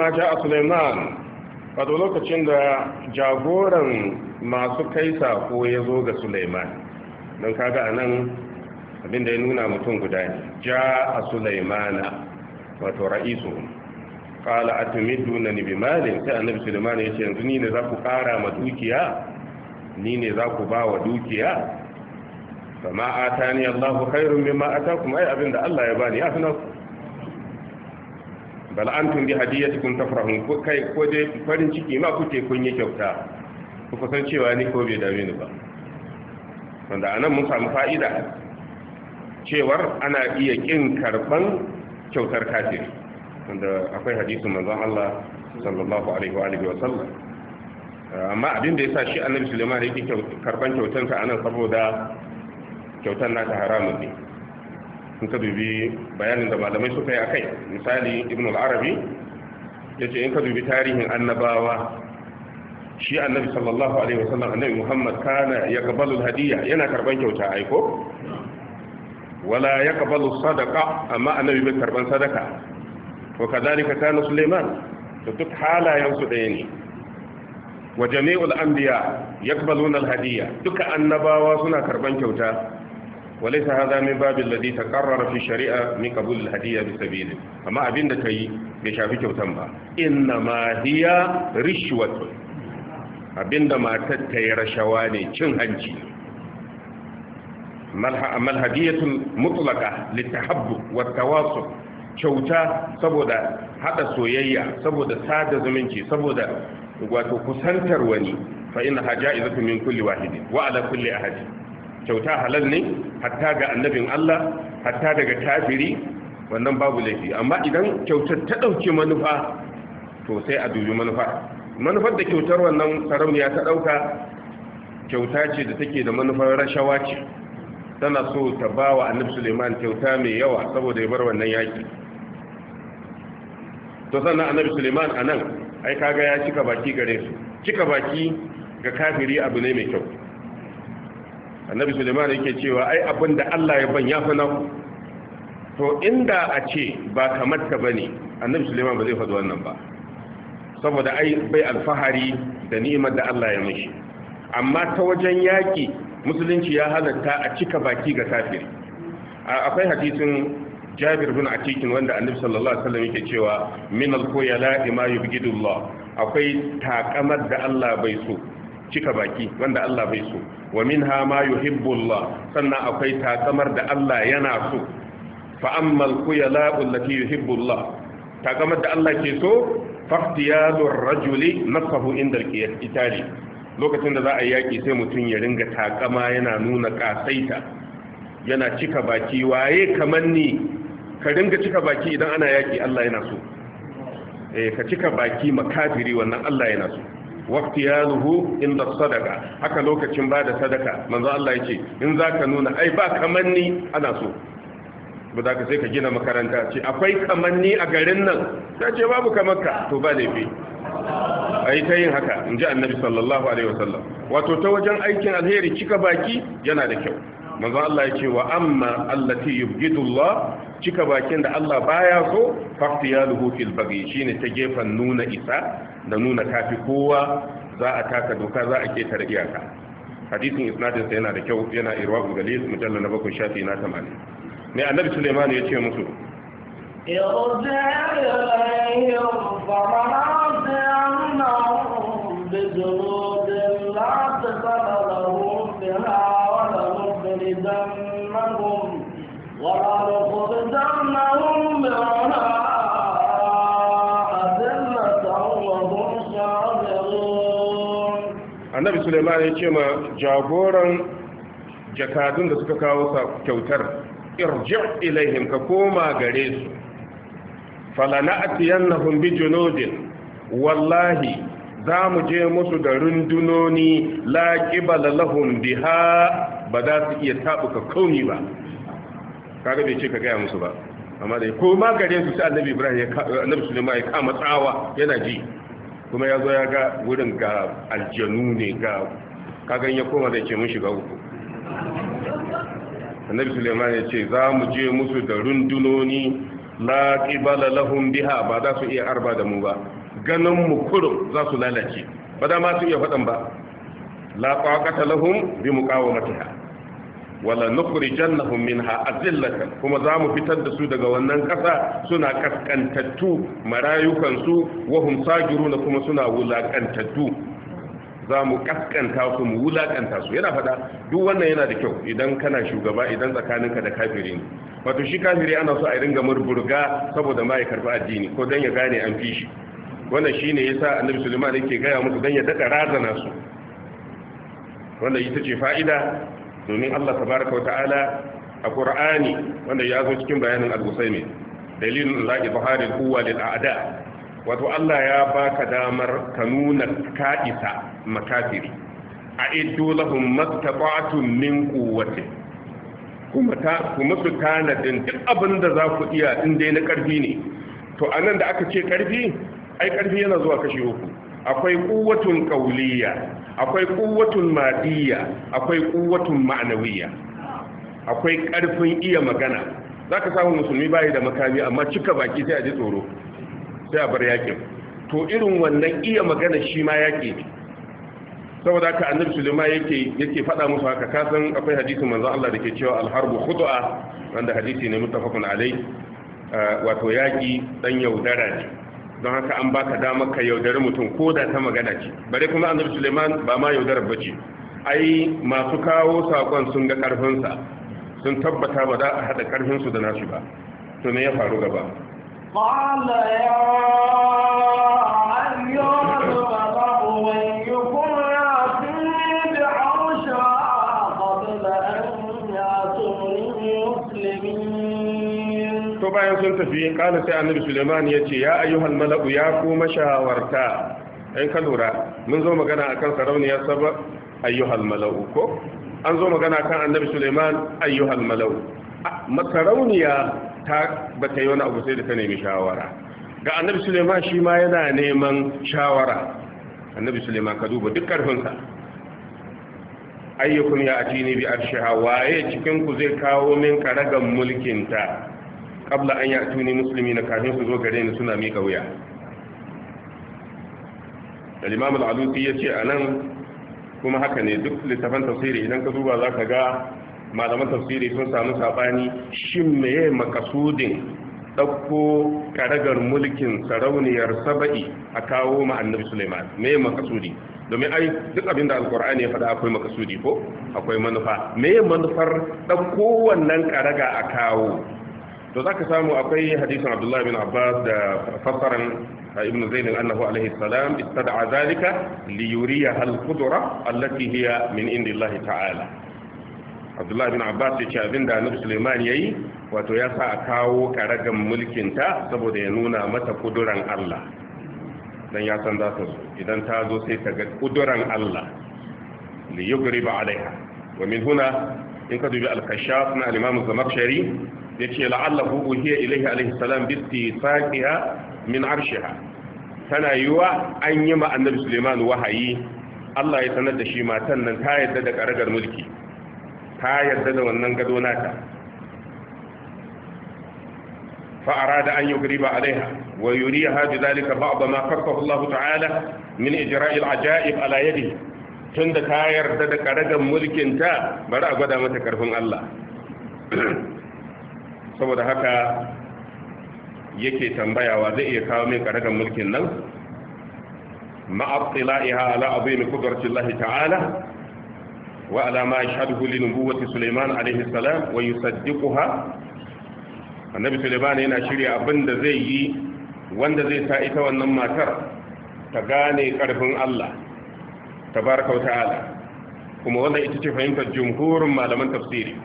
Speaker 2: a Suleiman a wato lokacin da jagoran masu kai sako ya zo ga Suleiman, don kaga anan abinda ya nuna mutum guda ne ja a Suleimana wato ra'isu qala bi bimalin sai annabi suleiman ya ce yanzu ni ne za ku kara ma dukiya ni ne za ku ba wa dukiya fama atani Allahu ma'a mimma kuma ai abinda Allah ya bani ya fi ku? bal tun bi hadiyatikum tafrahun kai ko dai farin ciki ma kuke kun yi kyauta ku kusan cewa ni ko bai dame ni ba wanda anan mun samu fa'ida cewar ana iya kin karban kyautar kafiri wanda akwai hadisin manzon Allah sallallahu alaihi wa alihi wa sallam amma abin da yasa shi annabi Sulaiman yake karban kyautar sa anan saboda kyautar ta haramun ne sun ka dubi bayanin da malamai suka yi a kai misali ibn al-arabi ya ce in ka dubi tarihin annabawa shi annabi sallallahu alaihi wasallam annabi muhammad kana ya kabalu hadiyya yana karban kyauta aiko wala ya kabalu sadaka amma annabi bai karban sadaka wa kadhalika kana suleiman to duk halayen su ɗaya ne wa jami'ul anbiya yakbaluna al hadiyya duka annabawa suna karban kyauta وليس هذا من باب الذي تقرر في الشريعة من قبول الهدية بسبيل أما أبين دكي بشافي كوتنبا إنما هي رشوة أبين دما تتي رشواني چنهنجي أما الهدية المطلقة للتحب والتواصل kyauta saboda hada soyayya saboda sada zumunci saboda wato kusantar wani fa inna hajaizatu min kulli wahidin wa ala kulli ahadin kyauta halal ne hatta ga annabin Allah hatta daga kafiri wannan babu laifi amma idan kyautar ta ɗauki manufa to sai a dubi manufa manufar da kyautar wannan sarauniya ta ɗauka kyauta ce da take da manufar rashawa ce tana so ta ba wa annabi suleiman kyauta mai yawa saboda ya bar wannan yaki to sannan annabi suleiman a nan ai kaga ya cika baki gare su cika baki ga kafiri abu ne mai kyau annabi suleiman yake cewa ai abin Allah ya ban ya fi naku to inda a ce ba kamar ba bane annabi suleiman ba zai faɗi wannan ba saboda ai bai alfahari da ni'imar da Allah ya mishi amma ta wajen yaki musulunci ya halatta a cika baki ga kafiri akwai hadisin Jabir bin Atikin wanda Annabi sallallahu alaihi wasallam yake cewa min al-khuyala ma akwai takamar da Allah bai so cika baki wanda Allah bai so wa minha ma yuhibbullah sannan akwai takamar da Allah yana so fa amma al allati yuhibbullah takamar da Allah ke so faqtiyadur rajuli inda al lokacin da za a yaki sai mutum ya ringa takama yana nuna kasaita yana cika baki waye kaman ni ka ringa cika baki idan ana yaki Allah yana so eh ka cika baki makafiri wannan Allah yana so in inda sadaka haka lokacin ba da sadaka manzo Allah yake in zaka nuna ai ba kamanni ana so ba za ka sai ka gina makaranta ce akwai kamanni a garin nan ta ce babu kamanka, to ba laifi
Speaker 3: a
Speaker 2: ta yin haka in ji annabi sallallahu alaihi wasallam wato ta wajen aikin alheri kika baki yana da kyau manzo Allah yake wa amma allati yubghidullah cika bakin da Allah baya so ya fil baghi shine ta gefan nuna isa da nuna kafi kowa za a taka doka za a da iyaka hadisin isnadin sa yana da kyau yana irwaul galil Mujalla na bakwai shafi na 80 ne annabi Sulaiman ya ce musu
Speaker 1: irja ilayhim fa ma'atahum bi
Speaker 2: annabi suleiman ya ce ma jagoran jakadun da suka kawo kyautar irji ilaihim ka koma gare su falana'atiyannahum bi wallahi za mu je musu da rundunoni la qibala lahum biha ba za su iya tabuka kauni ba kaga bai ce ka gaya musu ba amma dai ko gare su sai annabi ibrahim ya annabi suleiman ya kama tsawa yana ji kuma ya zo ya ga wurin ga aljanu ne ga kagan ya koma zai ce mun shiga uku annabi suleiman ya ce za mu je musu da rundunoni la qibala lahum biha ba za su iya arba da mu ba ganin mu kurum za su lalace ba da ma su iya faɗan ba la qaqata lahum bi muqawamatiha wala nukhrijannahum minha azillatan kuma za mu fitar da su daga wannan kasa suna kaskantattu marayukan su wa hum sajiruna kuma suna wulakantattu za mu kaskanta su mu wulakanta su yana fada duk wannan yana da kyau idan kana shugaba idan tsakaninka da kafiri ne wato shi kafiri ana so a ringa murburga saboda ma ya karbi addini ko dan ya gane an fi shi wannan shine yasa annabi Sulaiman yake gaya musu dan ya daɗa razana su wannan ita ce fa'ida domin Allah tabaraka wata'ala a Qur'ani wanda ya zo cikin bayanin al-Husaini dalilin la ibharil quwwa lil a'da wato Allah ya baka damar ka nuna ka'isa makafiri a iddu lahum mastata'tum min quwwati kuma ta kuma su tanadin duk abinda za ku iya in dai na karfi ne to anan da aka ce karfi ai karfi yana zuwa kashi uku akwai kuwatun kauliya akwai kuwatun madiyya akwai kuwatun ma'anawiyya akwai karfin iya magana zaka samu musulmi bai da makami amma cika baki sai a ji tsoro sai a bar yakin to irin wannan iya magana shi ma yake saboda haka annabi sulaiman yake yake faɗa musu haka kasan akwai hadisin manzon Allah da ke cewa al-harbu khud'a wanda hadisi ne muttafaqun alai uh, wato yaki dan yaudara ne don haka an baka damar ka yaudari mutum ko da ta magana ce bare kuma annabi Suleiman ba ma yaudarar ce. ai masu kawo sakon sun ga karfinsa sun tabbata ba za a hada karfinsu da nasu ba to ne ya faru gaba
Speaker 1: ya ayyuka
Speaker 2: sun tafi kala sai annabi suleiman ya ce ya ayyuhal mala'u ya kuma mashawarta ɗan ka lura mun zo magana kan sarauniyar saba ayyuhal mala'u ko an zo magana kan annabi suleiman ayyuhal mala'u sarauniya ta ba ta yi wani abu sai da ta nemi shawara ga annabi suleiman shi ma yana neman shawara annabi suleiman ka duba duk ƙarfinsa ayyukun ya ajini bi arshiha waye cikin ku zai kawo min karagan mulkinta Kabla an Musulmi na kafin su zo gare ni suna mika wuya al-imam al ce yace anan kuma haka ne duk littafan tafsiri idan ka duba ka ga malaman tafsiri sun samu sabani shin meye makasudin ɗauko karagar mulkin sarauniyar saba'i a kawo ma annabi suleiman me makasudi domin ai duk abin da alkur'ani ya faɗa akwai makasudi ko akwai manufa me manufar ɗauko wannan karaga a kawo to za ka samu akwai hadisin Abdullahi bin abbas da fassaran ibn zain annahu alaihi salam istad'a zalika li yuriya al qudra allati hiya min indillahi ta'ala Abdullahi bin abbas ya ce abinda annabi sulaiman yayi wato ya sa a kawo karagan mulkin ta saboda ya nuna mata kuduran Allah dan ya san za ta zo idan ta zo sai ta ga kuduran Allah li yugriba alaiha wa min huna in ka dubi al na al-imam Ya yace la'allahu uhiya ilayhi alayhi salam bi istisaqiha min arshiha tana yiwa an yi ma annabi suleiman wahayi Allah ya sanar da shi matan nan ta yadda da karagar mulki ta yadda da wannan gado nata fa arada an yugriba alaiha wa yuriha bi zalika ba'd ma fakkahu Allah ta'ala min ijra'il ajaib ala yadihi tun da ta yarda da karagan mulkinta, bari a gwada mata karfin Allah saboda haka yake tambayawa zai iya kawo min karagan mulkin nan ma'abtila'iha ala yi mai ta'ala wa ala ma yashhaduhu li nubuwwati Sulaiman alayhi salam wa ha? annabi suleiman yana shirya abin da zai yi wanda zai sa ita wannan matar ta gane ƙarfin Allah tabaraka wa ta'ala kuma wannan ita ce fahimtar jumhurin malaman tafsiri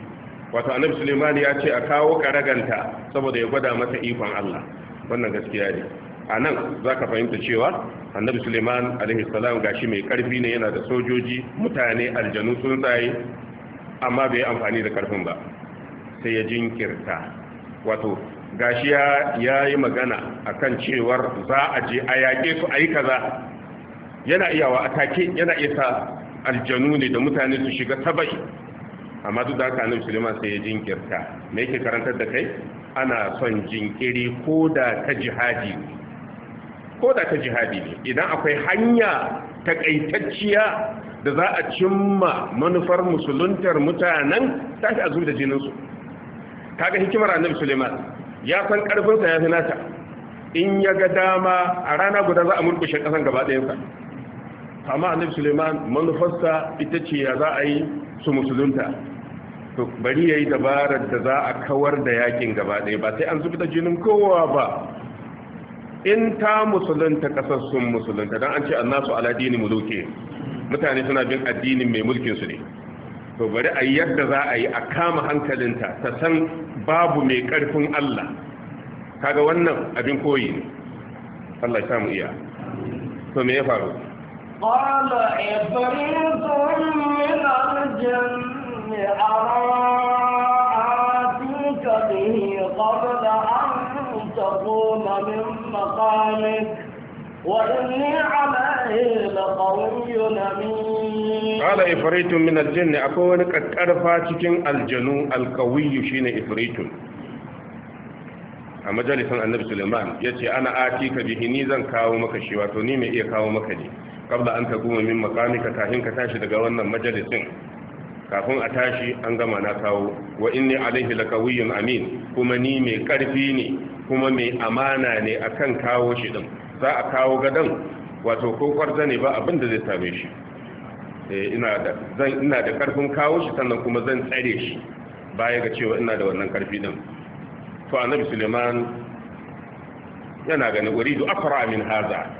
Speaker 2: wato annabi Suleiman ya ce a kawo karaganta saboda ya gwada mata ikon Allah wannan gaskiya ne a nan za ka fahimta cewa annabi Suleiman alaihi salam gashi mai karfi ne yana da sojoji mutane aljanu sun tsaye amma bai amfani da karfin ba sai ya jinkirta wato gashi ya yi magana akan cewar za a je a yaƙe su a yi kaza yana iyawa a take yana iya sa aljanu ne da mutane su shiga tabai amma duk da haka annabi Suleiman sai ya jinkirta me yake karantar da kai ana son jinkiri ko da ta jihadi ko da ta jihadi ne idan akwai hanya takaitacciya da za a cimma manufar musuluntar mutanen tashi a da jininsu kaga hikimar annabi Suleiman ya san karfinsa ya fi in ya ga dama a rana guda za a murkushe kasan gaba ɗayansa amma annabi suleiman manufarsa ita ce ya za a yi su musulunta to bari ya yi dabarar da za a kawar da yakin gaba ɗaya ba sai an zubi da jinin kowa ba in ta musulunta ƙasar sun musulunta don an ce annasu ala dini muluke mutane suna bin addinin mai mulkin su ne to bari a yadda za a yi a kama hankalinta ta san babu mai ƙarfin Allah kaga wannan abin koyi ne Allah ya samu iya to me ya faru
Speaker 1: قال عفريت من الجن أراتيك به قبل أن تقوم من مقامك وإني عليه لقوي أمين قال عفريت
Speaker 2: من الجن أكون قد أرفع الجنو القوي شين عفريت a majalisar annabi suleiman ya ce ana ati ka bihi ni zan kawo maka shi wato ni mai iya kawo maka ne kabla an taguma min makamika kafin ka tashi daga wannan majalisin kafin a tashi an gama na kawo wa inni alaihi lakawiyyun amin kuma ni mai karfi ne kuma mai amana ne akan kawo shi din za a kawo gadan wato ko kwarza ne ba abin da zai same shi eh, ina da zan ina da karfin kawo shi sannan kuma zan tsare shi baya ga cewa ina da wannan karfi din to annabi suleiman yana ganin uridu afra min haza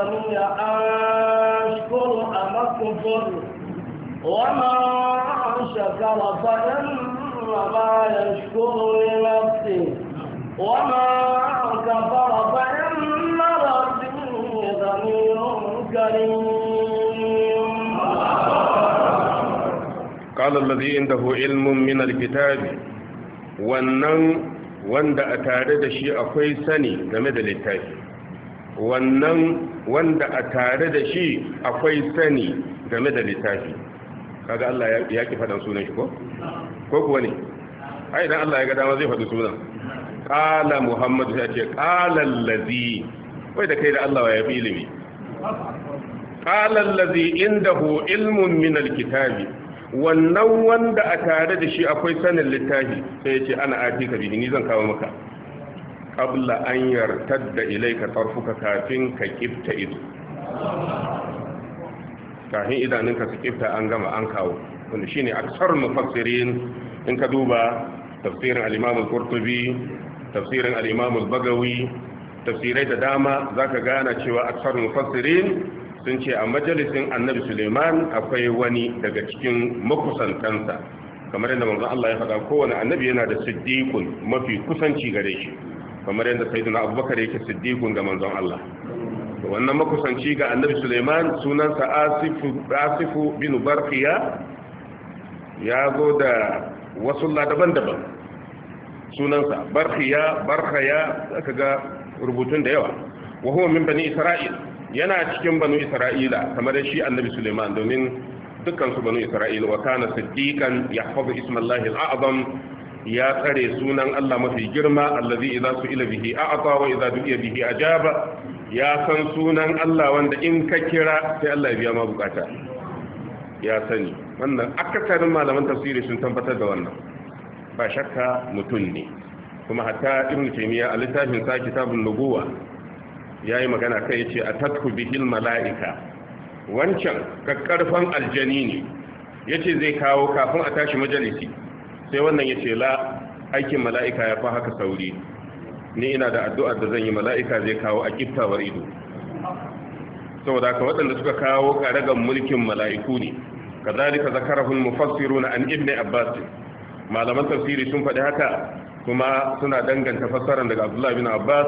Speaker 1: آمنوا أشكر أم أكفر وما شكر فإنما يشكر لنفسه وما كفر فإن ربي غني كريم
Speaker 2: قال الذي عنده علم من الكتاب wannan wanda a tare da shi akwai sani game da littafi wannan wanda a tare da shi akwai sani game da littafi kaga Allah ya ki faɗan sunan shi ko ko kuwa ne ai idan Allah ya ga dama zai faɗi sunan Ƙala muhammadu ya ce ƙalan lazi. wai da kai da Allah ya fi ilimi Ƙalan lazi inda indahu ilmun min kitabi. wannan wanda a tare da shi akwai sanin littafi sai ya ce ana atika bihi ni zan kawo maka qabla an yartadda ilayka tarfuka kafin ka kifta ido kafin idanunka su kifta an gama an kawo wanda shine aksar mufassirin in ka duba tafsirin al-imam al-qurtubi tafsirin al-imam al-bagawi tafsirai da dama zaka gana cewa aksar mufassirin sun ce a majalisin annabi suleiman akwai wani daga cikin makusantansa kamar yadda manzon Allah ya faɗa kowane annabi yana da siddiqun mafi kusanci gare shi kamar yadda sayyidina abubakar yake siddiqun ga manzon Allah wannan makusanci ga annabi Suleiman sunansa Asifu Asifu bin Barqiya ya zo da wasu daban-daban sunansa Barqiya Barqaya aka ga rubutun da yawa wa huwa min bani Isra'il yana cikin banu Isra'ila kamar shi annabi Suleiman domin dukkan su banu Isra'il wa kana siddiqan yahfazu ismallahi al-a'zam ya tsare sunan Allah mafi girma allazi idza su'ila bihi a'ta wa idza du'iya bihi ajaba ya san sunan Allah wanda in ka kira sai Allah ya biya ma bukata ya sani wannan akasarin malaman tafsiri sun tabbatar da wannan ba shakka mutum ne kuma hatta ibn taymiya a littafin sa kitabun nubuwa yayi magana kai yace atatku bihil malaika wancan kakkarfan aljani ne yace zai kawo kafin a tashi majalisi sai wannan ya ce la aikin mala'ika ya fa haka sauri ni ina da addu'ar da zan yi mala'ika zai kawo a kiftawar ido saboda ka waɗanda suka kawo ƙaragan mulkin mala'iku ne ka zalika zakarahun mufassiru na an ibn abbas malaman tafsiri sun faɗi haka kuma suna danganta fassarar daga abdullahi bin abbas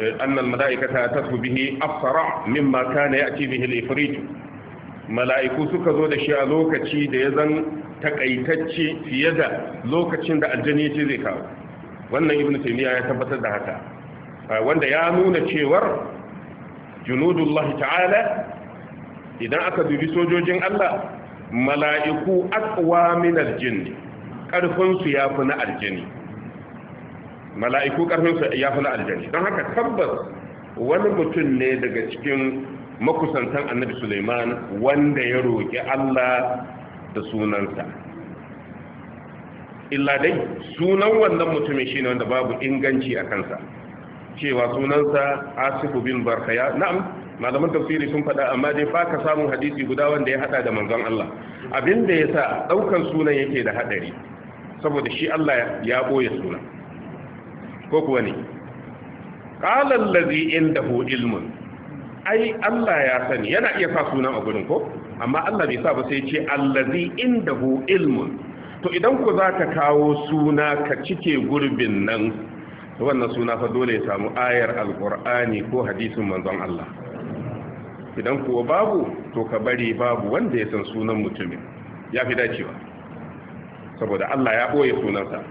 Speaker 2: eh, annal mala'ikata bihi afsara mimma kana ya'ti bihi al mala'iku suka zo da shi a lokaci da ya zan takaitacce fiye da lokacin da aljani ya ce zai kawo wannan ibn taimiyya ya tabbatar da haka wanda ya nuna cewar junudullahi ta'ala idan aka dubi sojojin Allah mala'iku akwa min aljini ƙarfinsu ya fi na aljini mala'iku ƙarfinsu ya fi na aljini don haka tabbas wani mutum ne daga cikin makusantan annabi Suleiman wanda ya roƙi Allah da sunansa illa dai sunan wannan mutumin shine wanda babu inganci a kansa cewa sunansa Asifu bin Barkaya na'am malaman tafsiri sun faɗa amma dai ba ka samun hadisi guda wanda ya haɗa da manzon Allah abin da sa ɗaukan sunan yake da haɗari saboda shi Allah ya ɓoye sunan ko kuwa ne qala inda indahu ilmun ai Allah ya sani yana iya sa sunan a gurin ko amma Allah bai sa ba sai ce allazi indahu ilmun to idan ku za ka kawo suna ka cike gurbin nan wannan suna fa dole ya samu ayar alqur'ani ko hadisin manzon Allah idan kuwa babu to ka bari babu wanda ya san sunan mutumin ya fi dacewa saboda Allah ya boye sunansa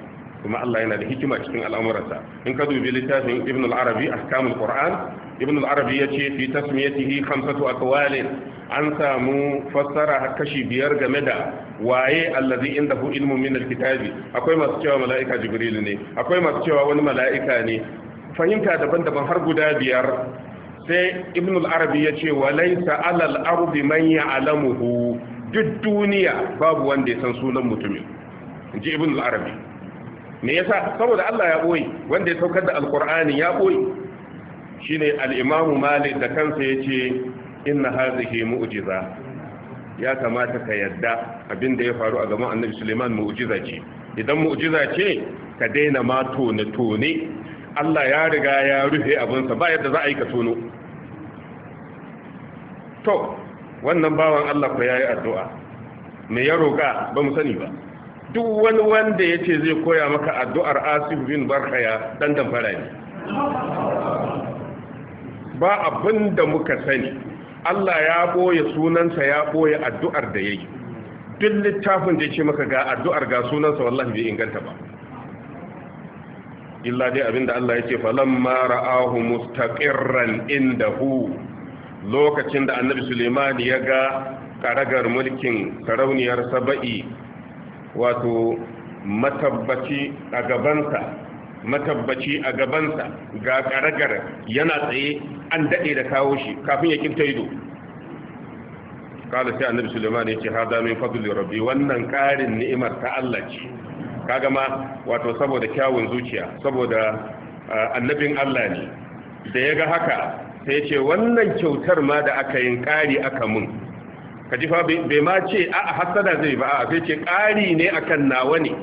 Speaker 2: kuma Allah yana da hikima cikin al'amuransa in ka dubi littafin ibn al-arabi ahkamul qur'an ibn al-arabi ya ce fi tasmiyatihi khamsatu aqwalin an samu fassara kashi biyar game da waye allazi indahu ilmu min al-kitabi akwai masu cewa mala'ika jibril ne akwai masu cewa wani mala'ika ne fahimta daban-daban har guda biyar sai ibn al-arabi ya ce wa laysa alal ardi man ya'lamuhu duk duniya babu wanda ya san sunan mutumin inji ibn al-arabi me yasa saboda Allah ya boye wanda ya saukar da alqur'ani ya boye shine al-imamu malik da kansa yace inna hadhihi mu'ujiza, ya kamata ka yadda abin da ya faru a gaban annabi suleiman mu'jiza ce idan mu'jiza ce ka daina ma tone tone Allah ya riga ya rufe abinsa ba yadda za a yi ka tono to wannan bawan Allah ko yayi addu'a me ya roka ba mu sani ba duk wani wanda ce zai koya maka addu'ar Asif bin Barkaya dan dan ne ba abin da muka sani Allah ya boye sunansa ya ɓoye addu'ar da yayi duk littafin da yake maka ga addu'ar ga sunansa wallahi bai inganta ba illa dai abinda Allah yake falamma ra'ahu mustaqirran indahu lokacin da annabi Suleiman ya ga karagar mulkin sarauniyar Saba'i wato matabbaci a gabansa matabbaci a gabansa ga karagar yana tsaye an daɗe da kawo shi kafin ya kinta ido kala sai annabi suleiman ya ce hada min fadli rabbi wannan karin ni'imar ta Allah ce kaga ma wato saboda kyawun zuciya saboda annabin Allah ne da ya ga haka sai ce wannan kyautar ma da aka yin kari aka mun kaji fa bai ma ce a hasada zai ba a sai ce kari ne akan nawa ne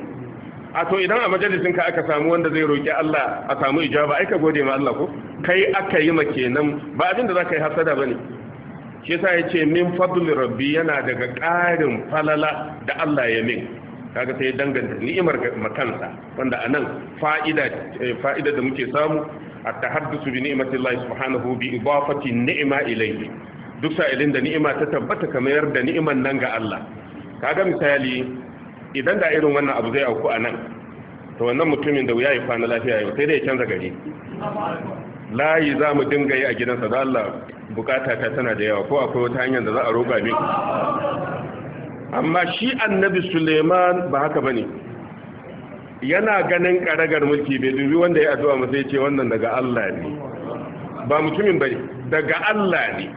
Speaker 2: a to idan a majalisin ka aka samu wanda zai roki Allah a samu ijaba ai ka gode ma Allah ko kai aka yi ma kenan ba abin da zaka yi hasada bane shi yasa yace min fadli rabbi yana daga ƙarin falala da Allah ya min kaga sai danganta ni'imar makansa wanda anan fa'ida eh, fa'ida da muke samu at-tahaddusu bi Allah subhanahu bi idafati ni'ma ilayhi duk sa'ilin da ni'ima ta tabbata ka mayar da ni'iman nan ga Allah kaga misali idan da irin wannan abu zai auku a nan to wannan mutumin da wuya ya fana lafiya yau sai dai ya canza gari layi za mu dinga yi a gidansa da Allah bukata ta tana da yawa ko akwai wata hanyar da za a roba min amma shi annabi Suleiman ba haka ba ne. yana ganin karagar mulki bai dubi wanda ya addu'a masa ya ce wannan daga Allah ne ba mutumin ba daga Allah ne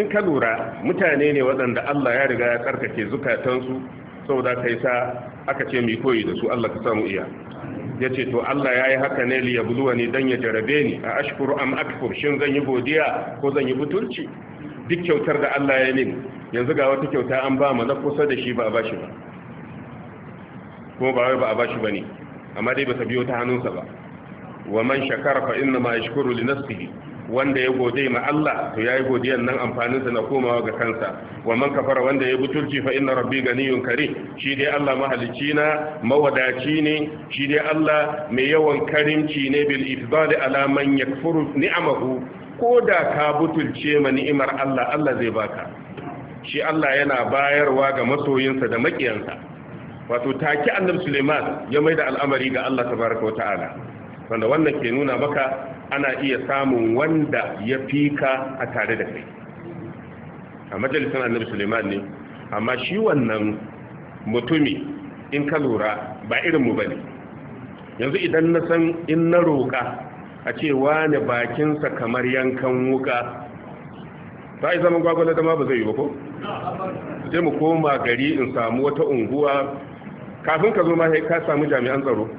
Speaker 2: in ka lura mutane ne waɗanda Allah ya riga ya karkace zukatansu saboda ka yi sa aka ce mai koyi da su Allah ka samu iya ya ce to Allah ya yi haka ne liya buluwa ne don ya jarabe ni a ashkuru am akfur shin zan yi godiya ko zan yi butulci duk kyautar da Allah ya min yanzu ga wata kyauta an ba na kusa da shi ba a bashi ba kuma ba wai ba a bashi ba ne amma dai ba ta biyo ta hannunsa ba wa man shakara fa inna ma yashkuru li nafsihi wanda ya gode ma Allah to yayi godiyan nan amfanin sa na komawa ga kansa wa man kafara wanda ya butulci fa inna rabbi ganiyun karim shi dai Allah mahalicci na mawadaci ne shi dai Allah mai yawan karimci ne bil ifdal ala man yakfuru ni'amahu ko da ka butulce ma ni'imar Allah Allah zai baka shi Allah yana bayarwa ga masoyinsa da makiyansa wato taki annabi Suleiman ya maida al'amari ga Allah tabaraka wa ta'ala wanda wannan ke nuna maka ana iya samun wanda ya fika a tare da kai a majalisar annabi suleiman ne amma shi wannan mutumi in ka lura ba irinmu ba ne yanzu idan na san in na roƙa a cewa wani bakinsa kamar yankan wuka ta yi zaman gwagwada dama ba zai yi ba ko? mu koma gari in samu wata unguwa kafin ka zo ma ka samu jami'an tsaro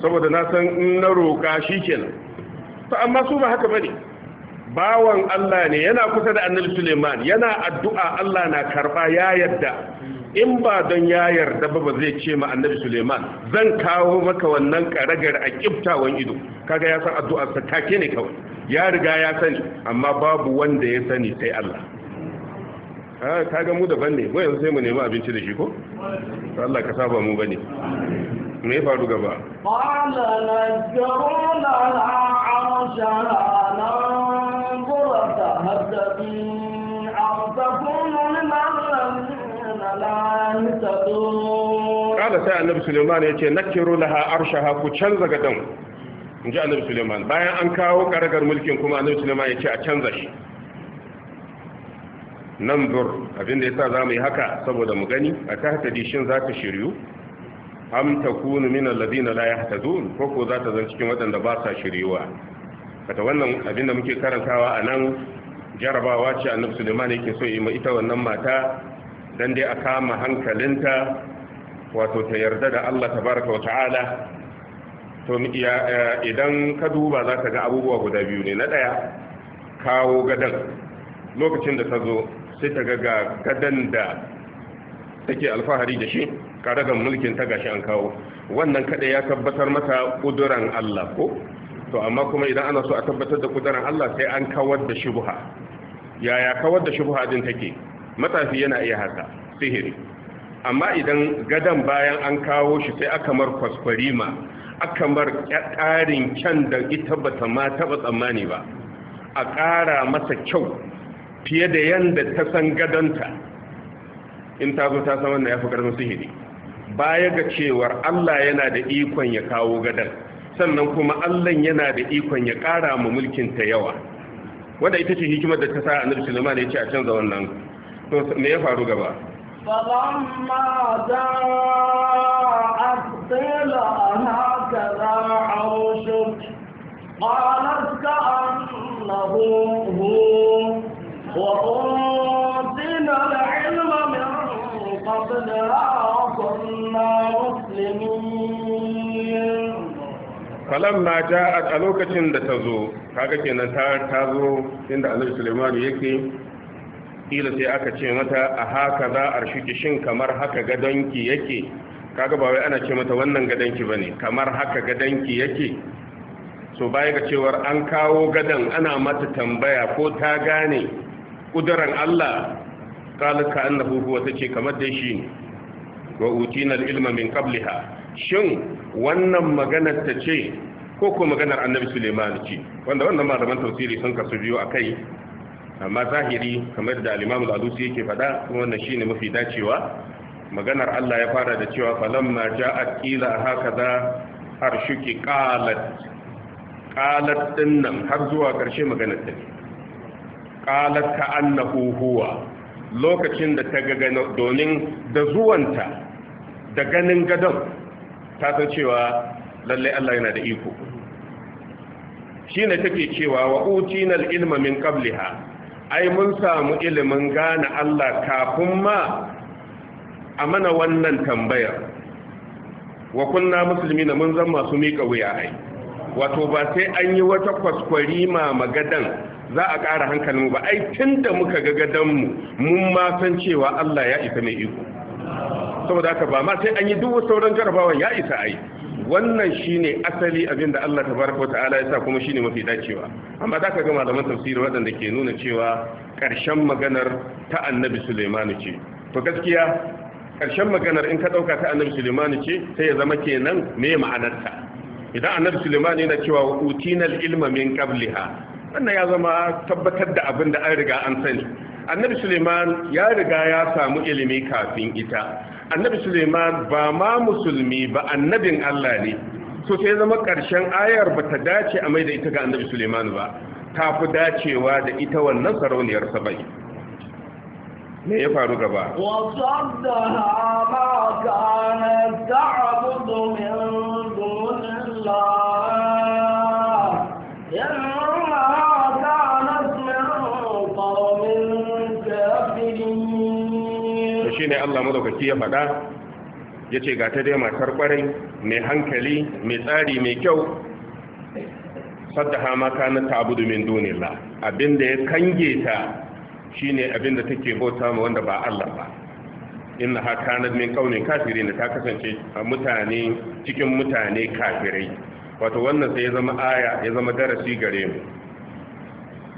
Speaker 3: saboda na san
Speaker 2: in na roƙa shi kenan to amma su ba haka bane bawan Allah ne yana kusa da annabi Suleiman yana addu'a Allah na karba ya yarda in ba don ya yarda ba ba zai ce ma annabi Suleiman zan kawo maka wannan karagar a kiftawan ido kaga ya san addu'a sa take ne kawai ya riga ya sani amma babu wanda ya sani sai Allah ah, kaga mu daban ne mu yanzu sai mu nemi abinci da shi ko Allah ka saba mu bane me ya faru gaba qala sai annabi suleiman yace nakiru laha arshaha ku canza gadon, in ji annabi suleiman bayan an kawo ƙaragar mulkin kuma annabi suleiman ya ce a canza shi nan zur abinda ya sa za mu yi haka saboda mu gani a ta haka za ta shiryu am takunu min alladhina la yahtadun ko ko za ta zan cikin waɗanda ba sa shiriwa kata wannan abin da muke karantawa a nan jarabawa ce annabi Sulaiman yake so yi ma ita wannan mata dan dai a kama hankalinta wato ta yarda da Allah tabaraka wa ta'ala to eh, idan ka duba za ka ga abubuwa guda biyu ne na ɗaya kawo gadan lokacin da ta zo sai ta ga gadan da take alfahari da shi karagar mulkin ta gashi an kawo wannan kada ya tabbatar mata kuduran Allah ko to amma kuma idan ana so a tabbatar da kuduran Allah sai an kawar da shubha yaya kawar da shubha din take matafi yana iya haka sihiri amma idan gadan bayan an kawo shi sai aka mar kwaskwarima aka mar ƙarin kyan da ita ba ta ma taɓa tsammani ba a ƙara masa kyau fiye da yanda ta san gadonta in ta zo ta san wannan ya fi ƙarfin sihiri baya ga cewar Allah yana da ikon ya kawo gadar sannan kuma Allah yana da ikon ya ƙara ma mulkin ta yawa wanda ita ce hikimar da ta sa annabi Sulaiman ya ce a canza wannan to me ya faru gaba
Speaker 1: فلما جاءت قيل هكذا قبلها وكنا مسلمين
Speaker 2: a lokacin da ta zo kaga kenan ta ta zo inda Annabi Sulaiman yake kila sai aka ce mata a haka za a rshiki shin kamar haka gadonki yake kaga ba wai ana ce mata wannan gadonki bane kamar haka gadonki yake so baya ga cewar an kawo gadon ana mata tambaya ko ta gane kudurar Allah qalat ka annahu huwa tace kamar dai shi ne wa utina al min qabliha shin wannan maganar ta ce ko ko maganar annabi Sulaiman ce wanda wannan malaman tafsiri sun kasu biyu akai amma zahiri kamar da al-Imam al-Alusi yake faɗa kuma wannan shine mafi dacewa maganar Allah ya fara da cewa falamma ja'at qila hakaza arshuki qalat qalat dinnan har zuwa karshe maganar ta qalat ka annahu huwa lokacin da ta ga domin da zuwanta da ganin gadon ta san cewa lallai Allah yana da iko shi ne take cewa wa utinal ilma min qabliha ai mun samu ilimin gane Allah kafin ma a mana wannan tambayar wa kunna muslimina mun zama masu mika wuya ai wato ba sai an yi wata ma magadan za a ƙara hankalinmu ba ai tun da muka ga gadonmu mun ma san cewa Allah ya isa mai iko saboda aka ba ma sai an yi duk sauran jarabawan ya isa ai wannan shine asali abin da Allah tabaraka ta'ala ya sa kuma shine mafi dacewa amma za ka ga malaman tafsiri waɗanda ke nuna cewa ƙarshen maganar ta annabi Sulaimanu ce to gaskiya ƙarshen maganar in ka ɗauka ta annabi Sulaimanu ce sai ya zama kenan me ma'anarta idan annabi Sulaimanu yana cewa utinal ilma min qabliha wannan ya zama tabbatar da abin da an riga an sani annabi suleiman ya riga ya samu ilimi kafin ita annabi suleiman ba ma musulmi ba annabin allah ne so sai zama ƙarshen ayar ba ta dace a mai da ita ga annabi suleiman ba ta fi dacewa da ita wannan sarauniyar sabai me ya faru gaba
Speaker 1: wasaddaha
Speaker 2: ne Allah madaukaki ya faɗa ya ce ga ta dai matar kwarai mai hankali mai tsari mai kyau saddaha ma kana ta'budu min duniya. abinda ya kange ta shine abinda take bauta ma wanda ba Allah ba inna ha na min qaumin kafirin ta kasance a mutane cikin mutane kafirai wato wannan sai ya zama aya ya zama darasi gare mu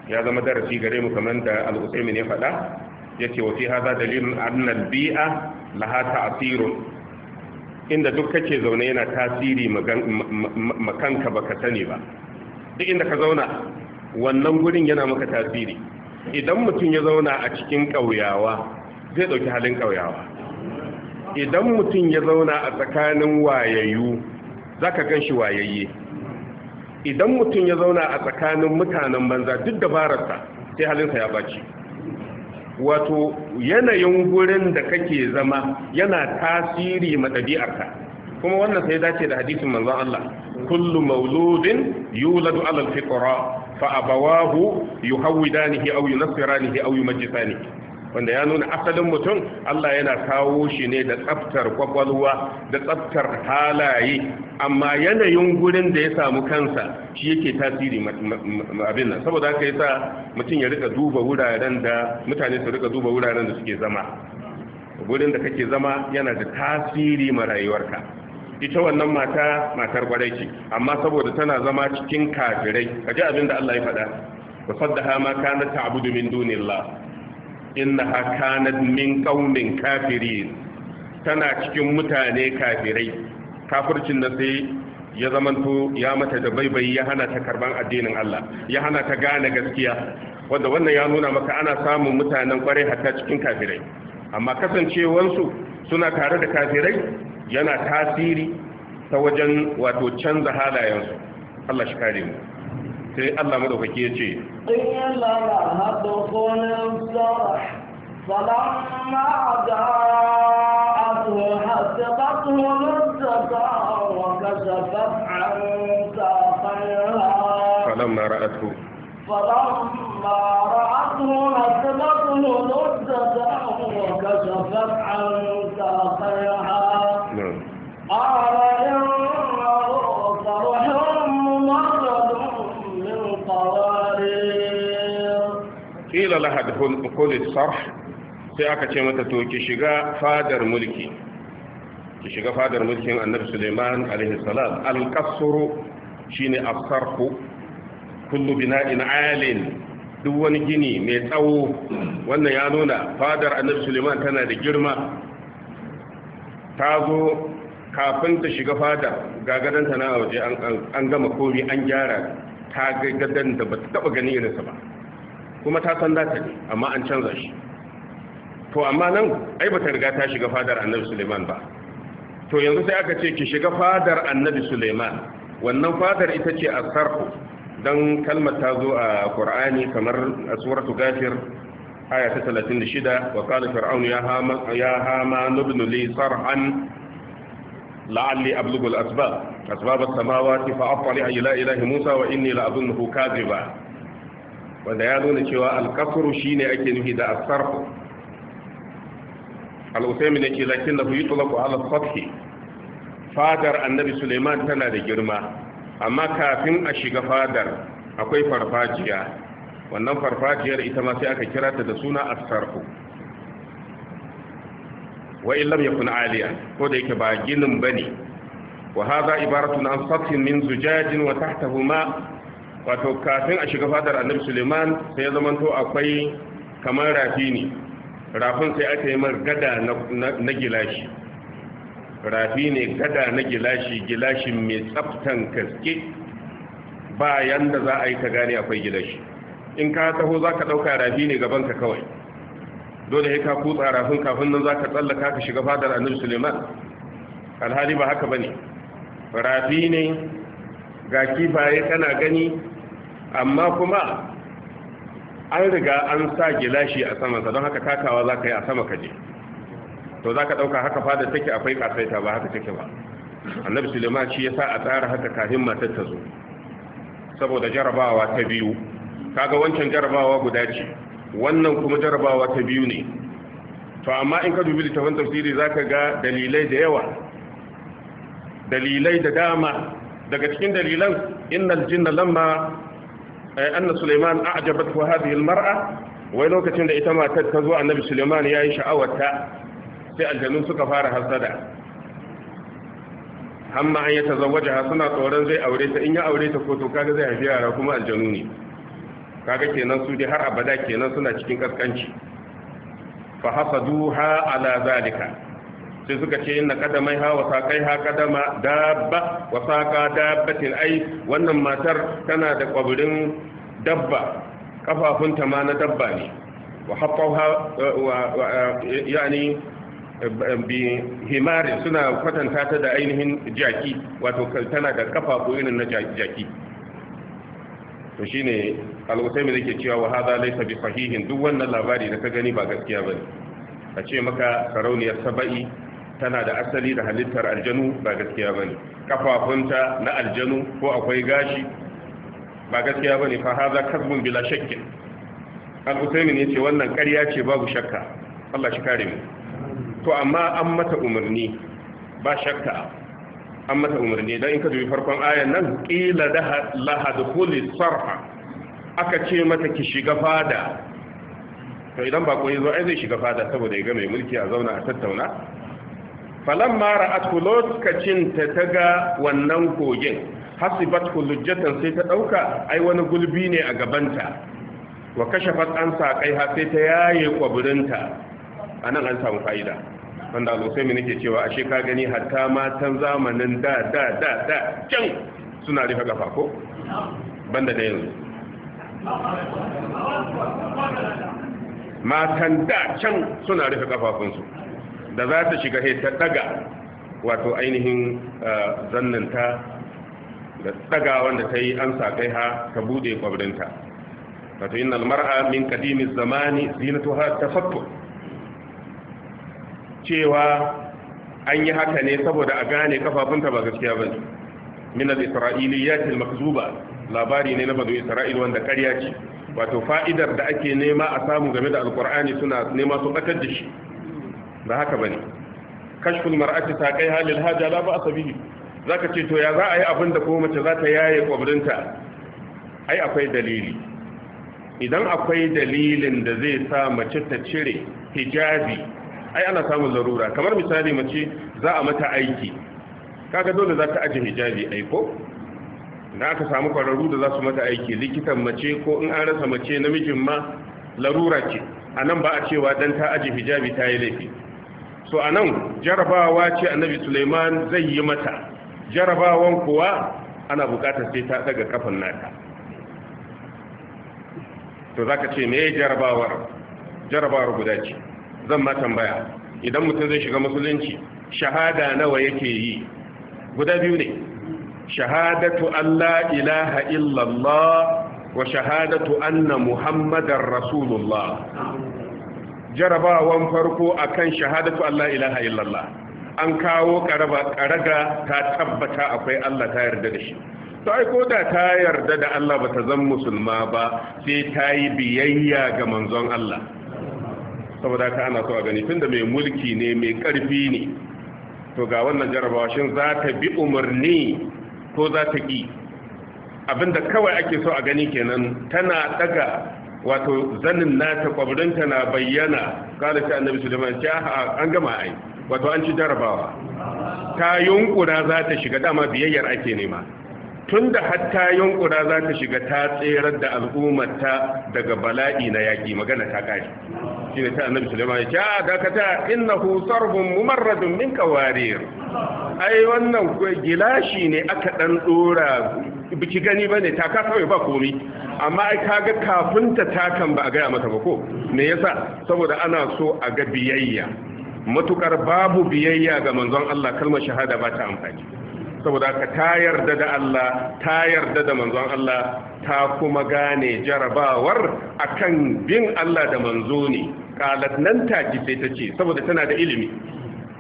Speaker 2: ya zama darasi gare mu kamar da al-Usaimin ya faɗa Yake wa fi hadha dalilun anna al-bi'a laha ta'sirun inda duk kake zaune yana tasiri makanka baka sani ba duk inda ka zauna wannan gurin yana maka tasiri idan mutum ya zauna a cikin ƙauyawa zai ɗauki halin ƙauyawa idan mutum ya zauna a tsakanin wayayyu za ka gan shi wayayye idan mutum ya zauna a tsakanin mutanen banza duk dabararsa sai halinsa ya baci wato yanayin gurin da kake zama yana tasiri ma ɗabi'arka kuma wannan sai dace da hadisin manzon Allah kullu mauludin yuladu ala alfitra fa abawahu yuhawidanihi aw yunassiranihi aw yumajjisanihi wanda ya nuna asalin mutum Allah yana kawo shi ne da tsaftar kwakwalwa da tsaftar halaye amma yanayin gurin da ya samu kansa shi yake tasiri abin nan saboda haka yasa mutum ya rika duba wuraren da mutane su rika duba wuraren da suke zama gurin da kake zama yana da tasiri ma rayuwarka ita wannan mata matar kwarai ce amma saboda tana zama cikin kafirai kaje abin da Allah ya faɗa wa saddaha ma kana ta'budu min dunillah innaha kanat min qaumin kafirin tana cikin mutane kafirai kafircin da sai ya zamanto ya mata da baibayi ya hana ta karban addinin Allah ya hana ta gane gaskiya wanda wannan ya nuna maka ana samun mutanen kwarai hatta cikin kafirai amma kasancewansu suna tare da kafirai yana tasiri ta wajen wato canza halayensu Allah shi kare mu sai Allah madaukaki ya ce
Speaker 1: qila la tadkhul sarh falamma ja'atu hasaqatu murtaqa wa kashafat an saqaha falamma ra'athu فلما رأته نسبته نزة وكشفت عن ساقيها
Speaker 2: qila laha dukhul sarh sai aka ce mata to ki shiga fadar mulki ki shiga fadar mulkin annabi Suleiman alaihi salam al-qasru shine as-sarhu kullu bina'in 'alin duk wani gini mai tsawo wannan ya nuna fadar annabi Suleiman tana da girma ta zo kafin ta shiga fadar gagadanta na waje an gama komi an gyara ta ga da ba ta taba gani irinsa ba kuma ta san data ne amma an canza shi to amma nan ai ba ta riga ta shiga fadar annabi suleiman ba to yanzu sai aka ce ki shiga fadar annabi suleiman wannan fadar ita ce asarku don kalmar ta zo a ƙur'ani kamar a suratu gafir aya ta 36 wa qala fir'aun ya hama ya hama nubnu li sarhan la'alli ablughu asbab as-samawati fa attali ila ilahi musa wa inni la ba. wanda ya nuna cewa shi shine ake nufi da asarfu al ne ce lakin da yi tulaku ala fathi fadar annabi suleiman tana da girma amma kafin a shiga fadar akwai farfajiya wannan farfajiyar ita ma sai aka kira ta da suna asarfu wa illam yakun aliya ko da yake ba ginin bane wa hadha ibaratun an fathin min zujajin wa tahtahu ma wato kafin a shiga fadar annabi suleiman sai ya zamanto akwai kamar rafi ne rafin sai aka yi mar gada na gilashi rafi ne gada na gilashi gilashi mai tsaftan kaske bayan da za a yi ka gane akwai gilashi in ka taho za ka ɗauka rafi ne gaban ka kawai dole ya ka kutsa rafin kafin nan za ka tsallaka ka shiga fadar annabi suleiman alhali ba haka ba ne rafi ne ga kifaye kana gani amma kuma an riga an sa gilashi a sa don haka takawa za ka yi a sama kaje to za ka ɗauka haka fada take akwai kasaita ba haka take ba annabi suleiman shi ya sa a tsara haka kafin matar ta zo saboda jarabawa ta biyu kaga wancan jarabawa guda ce wannan kuma jarabawa ta biyu ne to amma in ka dubi littafin tafsiri za ka ga dalilai da yawa dalilai da dama daga cikin dalilan innal jinna lamma anna Suleiman a'jabat hadhihi al-mar'a wai lokacin da ita matar ta zo annabi Suleiman yayi sha'awarta sai aljannu suka fara hasada amma an ya tazawwaja suna tsoron zai aure ta in ya aure ta ko to kaga zai haifi yara kuma aljannu ne kaga kenan su dai har abada kenan suna cikin kaskanci fa hasaduha ala zalika sai suka ce inna kadamai ha wa sakai ha kadama dabba wa saka dabbatin ai wannan matar tana da kwabirin dabba kafafunta ma na dabba ne wa wa yani bi himarin suna kwatanta ta da ainihin jaki wato tana da kafafu irin na jaki to shine al-usaimi yake cewa wa hadha laysa bi sahihin duk wannan labari da ka gani ba gaskiya bane a ce maka sarauniyar saba'i tana da asali da halittar aljanu ba gaskiya ba ne. kafafunta na aljanu ko akwai gashi ba gaskiya ba ne. fa haza kasbun bila shakkin al-usaymin ce wannan ƙarya ce babu shakka Allah shi kare mu to amma an mata umarni ba shakka an mata umarni dan in ka dubi farkon ayan nan qila laha dukhuli sarha aka ce mata ki shiga fada to idan ba ko yazo ai zai shiga fada saboda ya ga mai mulki a zauna a tattauna Falan mara ra'at lokacin ta ga wannan kogin hasibat lujjatan sai ta ɗauka ai wani gulbi ne a gabanta wa kashe an kai ha sai ta yaye kwaburinta nan an samu fa'ida wanda alosai mini ke cewa ashe ka gani hatta matan zamanin da da da da can suna rufe gafa ko banda da yanzu matan da can suna rufe kafafunsu da za ta shiga ta daga wato ainihin eh, zannanta da daga wanda ta yi an sa kai ha ta bude kwabrinta wato inna almar'a min qadimi zamani ta tafattu cewa an yi haka ne saboda a gane kafafunta ba gaskiya ba min al-isra'iliyyat al-makzuba labari ne na bado isra'il wanda karya ce wato fa'idar da ake nema a samu game da alkur'ani suna nema su batar da shi ba haka bane kashful mar'ati ta kai halil haja la ba asabihi zaka ce to ya za a yi abin da ko mace za ta yaye kwabrinta ai akwai dalili idan akwai dalilin da zai sa mace ta cire hijabi ai ana samun larura kamar misali mace za a mata aiki kaga dole za ta aje hijabi ai ko da aka samu kwararru da za su mata aiki likitan mace ko in an rasa mace namijin ma larura ce a nan ba a cewa dan ta aje hijabi ta yi laifi so anan jarabawa ce annabi Suleiman zai yi mata jarabawan kuwa ana bukatar sai ta daga kafan nata to ka ce me jarabawar jarabawar guda ce zan ma tambaya idan mutum zai shiga musulunci shahada nawa yake yi guda biyu ne shahadatu Allah ilaha illallah wa shahadatu anna muhammadar rasulullah jarabawan farko akan shahadatu Allah ilaha illallah an kawo karaga ta tabbata akwai Allah ta yarda da shi to ko da ta yarda da Allah bata zan musulma ba sai ta yi biyayya ga manzon Allah saboda ka ana so a gani da mai mulki ne mai karfi ne to ga wannan jarabawa shin za ta bi umarni ko za ta ki abinda kawai ake so a gani kenan tana daga wato zanin nata ta na bayyana kada ta annabi suleiman ta an gama ai wato an ci jarabawa ta yunkura za ta shiga dama biyayyar ake nema tunda hatta yunkura za ta shiga ta tserar da al'ummarta daga bala'i na yaƙi magana ta ƙari shi ne ta annabi suleiman ya ce a ah, dakata innahu sarhun mumarradun min kawarir ai wannan gilashi ne aka ɗan ɗora biki gani bane ta ka kawai ba komi amma ai kaga kafin ta takan ba a gaya mata ba ko me yasa saboda ana so a ga biyayya matukar babu biyayya ga manzon Allah kalmar shahada ba ta amfani saboda ka ta yarda da Allah ta yarda da manzon Allah ta kuma gane jarabawar akan bin Allah da manzo ne qalat nan take sai ta ce saboda tana da ilimi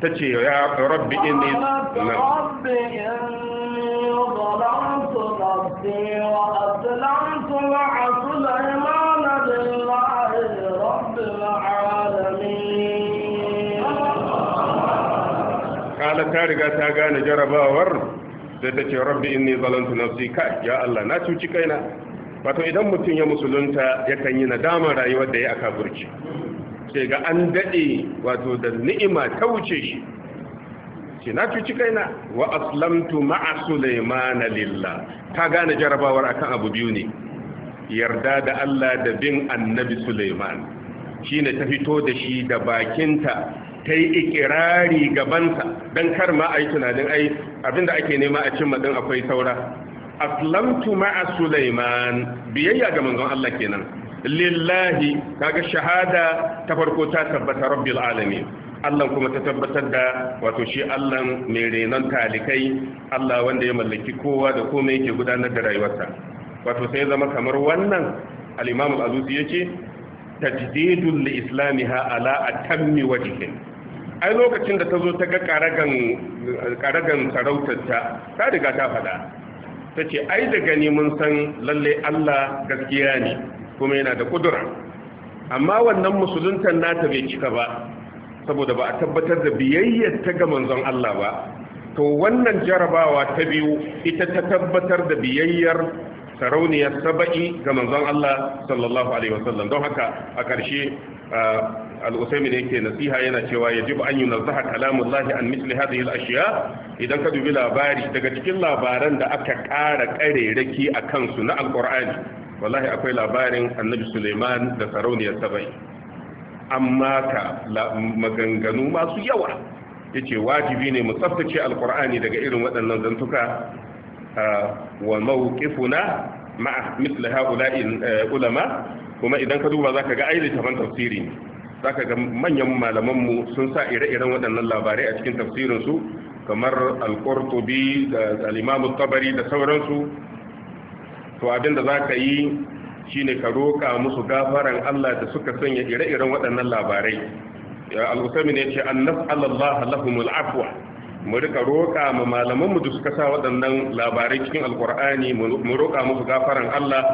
Speaker 2: ta ce ya rabbi inni
Speaker 1: rabbi inni
Speaker 2: riga ta gane jarabawar da ta ce rabbi inni zalantu nafsi kai ya Allah na cuci kaina wato idan mutum ya musulunta yakan yi nadama rayuwar da ya aka burci sai ga an dade wato da ni'ima ta wuce shi ce na cuci kaina wa aslamtu ma'a Sulaiman lillah ta gane jarabawar akan abu biyu ne yarda da Allah da bin annabi Suleiman shine ta fito da shi da bakinta ta yi ikirari gabansa don kar ma a yi tunanin ai abinda ake nema a cimma din akwai saura aslamtu ma'a sulaiman biyayya ga manzon Allah kenan lillahi kaga shahada ta farko ta tabbata rabbil alamin Allah kuma ta tabbatar da wato shi Allah mai renon talikai Allah wanda ya mallaki kowa da komai yake gudanar da rayuwarsa wato sai zama kamar wannan al-Imam al-Alusi yace tajdidul islami islamiha ala atammi wajhin ai lokacin da ta zo ta ga karagan sarautarta ta riga ta faɗa ta ce ai da gani mun san lalle Allah gaskiya ne kuma yana da kudura amma wannan musuluntar nata bai cika ba saboda ba a tabbatar da biyayyar ta ga manzon Allah ba to wannan jarabawa ta biyu ita ta tabbatar da biyayyar sarauniyar saba'i ga manzon Allah sallallahu alaihi wasallam don haka a ƙarshe al'usaimi da yake nasiha yana cewa ya ji an yi nazaha kalamun lahi an misli hadhihi ashiya idan ka dubi labari daga cikin labaran da aka ƙara ƙarerake a kansu na alƙur'ani wallahi akwai labarin annabi suleiman da sarauniyar sabai amma ka maganganu masu yawa yace wajibi ne mu tsaftace alƙur'ani daga irin waɗannan zantuka wa mawqifuna ma'a misli ha'ula'in ulama kuma idan ka duba zaka ga ai littafan tafsiri ne zaka ga manyan malaman mu sun sa ire-iren waɗannan labarai a cikin tafsirin su kamar al-Qurtubi da al-Imam tabari da sauransu to abin da zaka yi shine ka roƙa musu gafaran Allah da suka sanya ire-iren waɗannan labarai al-Usaimin yace annaf Allah lahumul afwa mu rika roƙa ma malamanmu da suka sa waɗannan labarai cikin alkur'ani mu roƙa musu gafaran Allah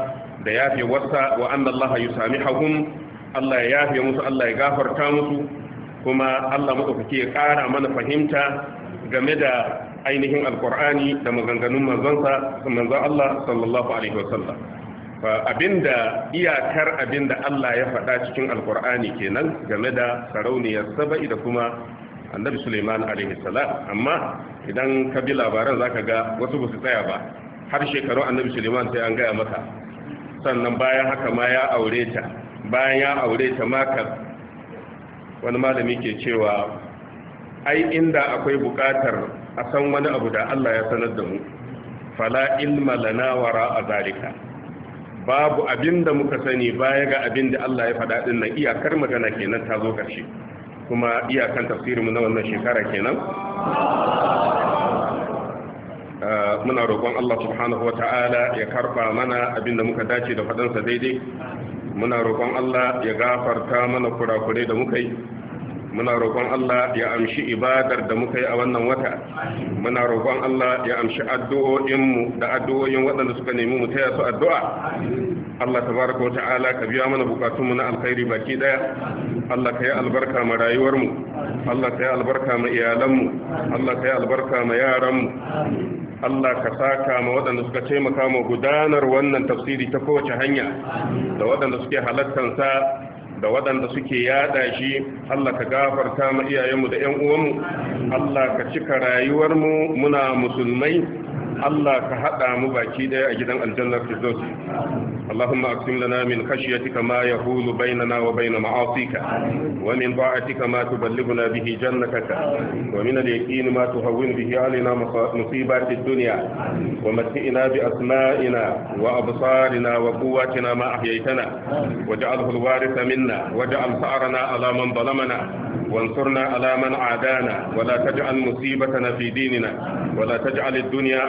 Speaker 2: da yafe wasa wa anna Allah yusamihahum Allah ya yafe musu Allah ya gafarta musu kuma Allah madaukake ya ƙara mana fahimta game da ainihin alkur'ani da maganganun manzansa manzan Allah sallallahu alaihi wasallam abinda iyakar abinda Allah ya faɗa cikin alkur'ani kenan game da sarauniyar saba'i da kuma annabi Suleiman salam amma idan ka bi labaran zaka ga wasu ba su tsaya ba har shekaru annabi Suleiman sai an gaya maka sannan bayan haka ma ya aure ta bayan ya aure ta maka wani malami ke cewa ai inda akwai bukatar a san wani abu da Allah ya sanar da mu fala ilma lana wara a babu abinda muka sani baya ga abinda Allah ya faɗa din nan iyakar magana kenan ta zo ƙarshe kuma iyakan tafsirin mu na wannan shekara kenan Ah, muna roƙon Allah subhanahu wa ta'ala ya karba mana abinda muka dace da faɗansa daidai muna roƙon Allah ya gafarta mana kurakurai da muka yi muna roƙon Allah ya amshi ibadar da muka yi a wannan wata muna roƙon Allah ya amshi addu'o'inmu da addu'o'in waɗanda suka nemi mu taya su addu'a Allah tabaraka wa ta'ala ka biya mana bukatunmu na alkhairi baki daya Allah ka yi albarka ma rayuwarmu Allah ka yi albarka ma iyalanmu Allah ka yi albarka ma yaranmu Allah ka saka ma waɗanda suka taimaka ma gudanar wannan tafsiri ta kowace hanya da waɗanda suke halattansa da waɗanda suke yaɗa shi Allah ka gafarta ma iyayenmu da 'yan uwanmu Allah ka cika rayuwarmu muna musulmai Allah ka haɗa mu baki ɗaya a اللهم اقسم لنا من خشيتك ما يحول بيننا وبين معاصيك ومن طاعتك ما تبلغنا به جنتك ومن اليقين ما تهون به علينا مصيبات الدنيا ومتئنا باسمائنا وابصارنا وقواتنا ما احييتنا واجعله الوارث منا واجعل ثارنا على من ظلمنا وانصرنا على من عادانا ولا تجعل مصيبتنا في ديننا ولا تجعل الدنيا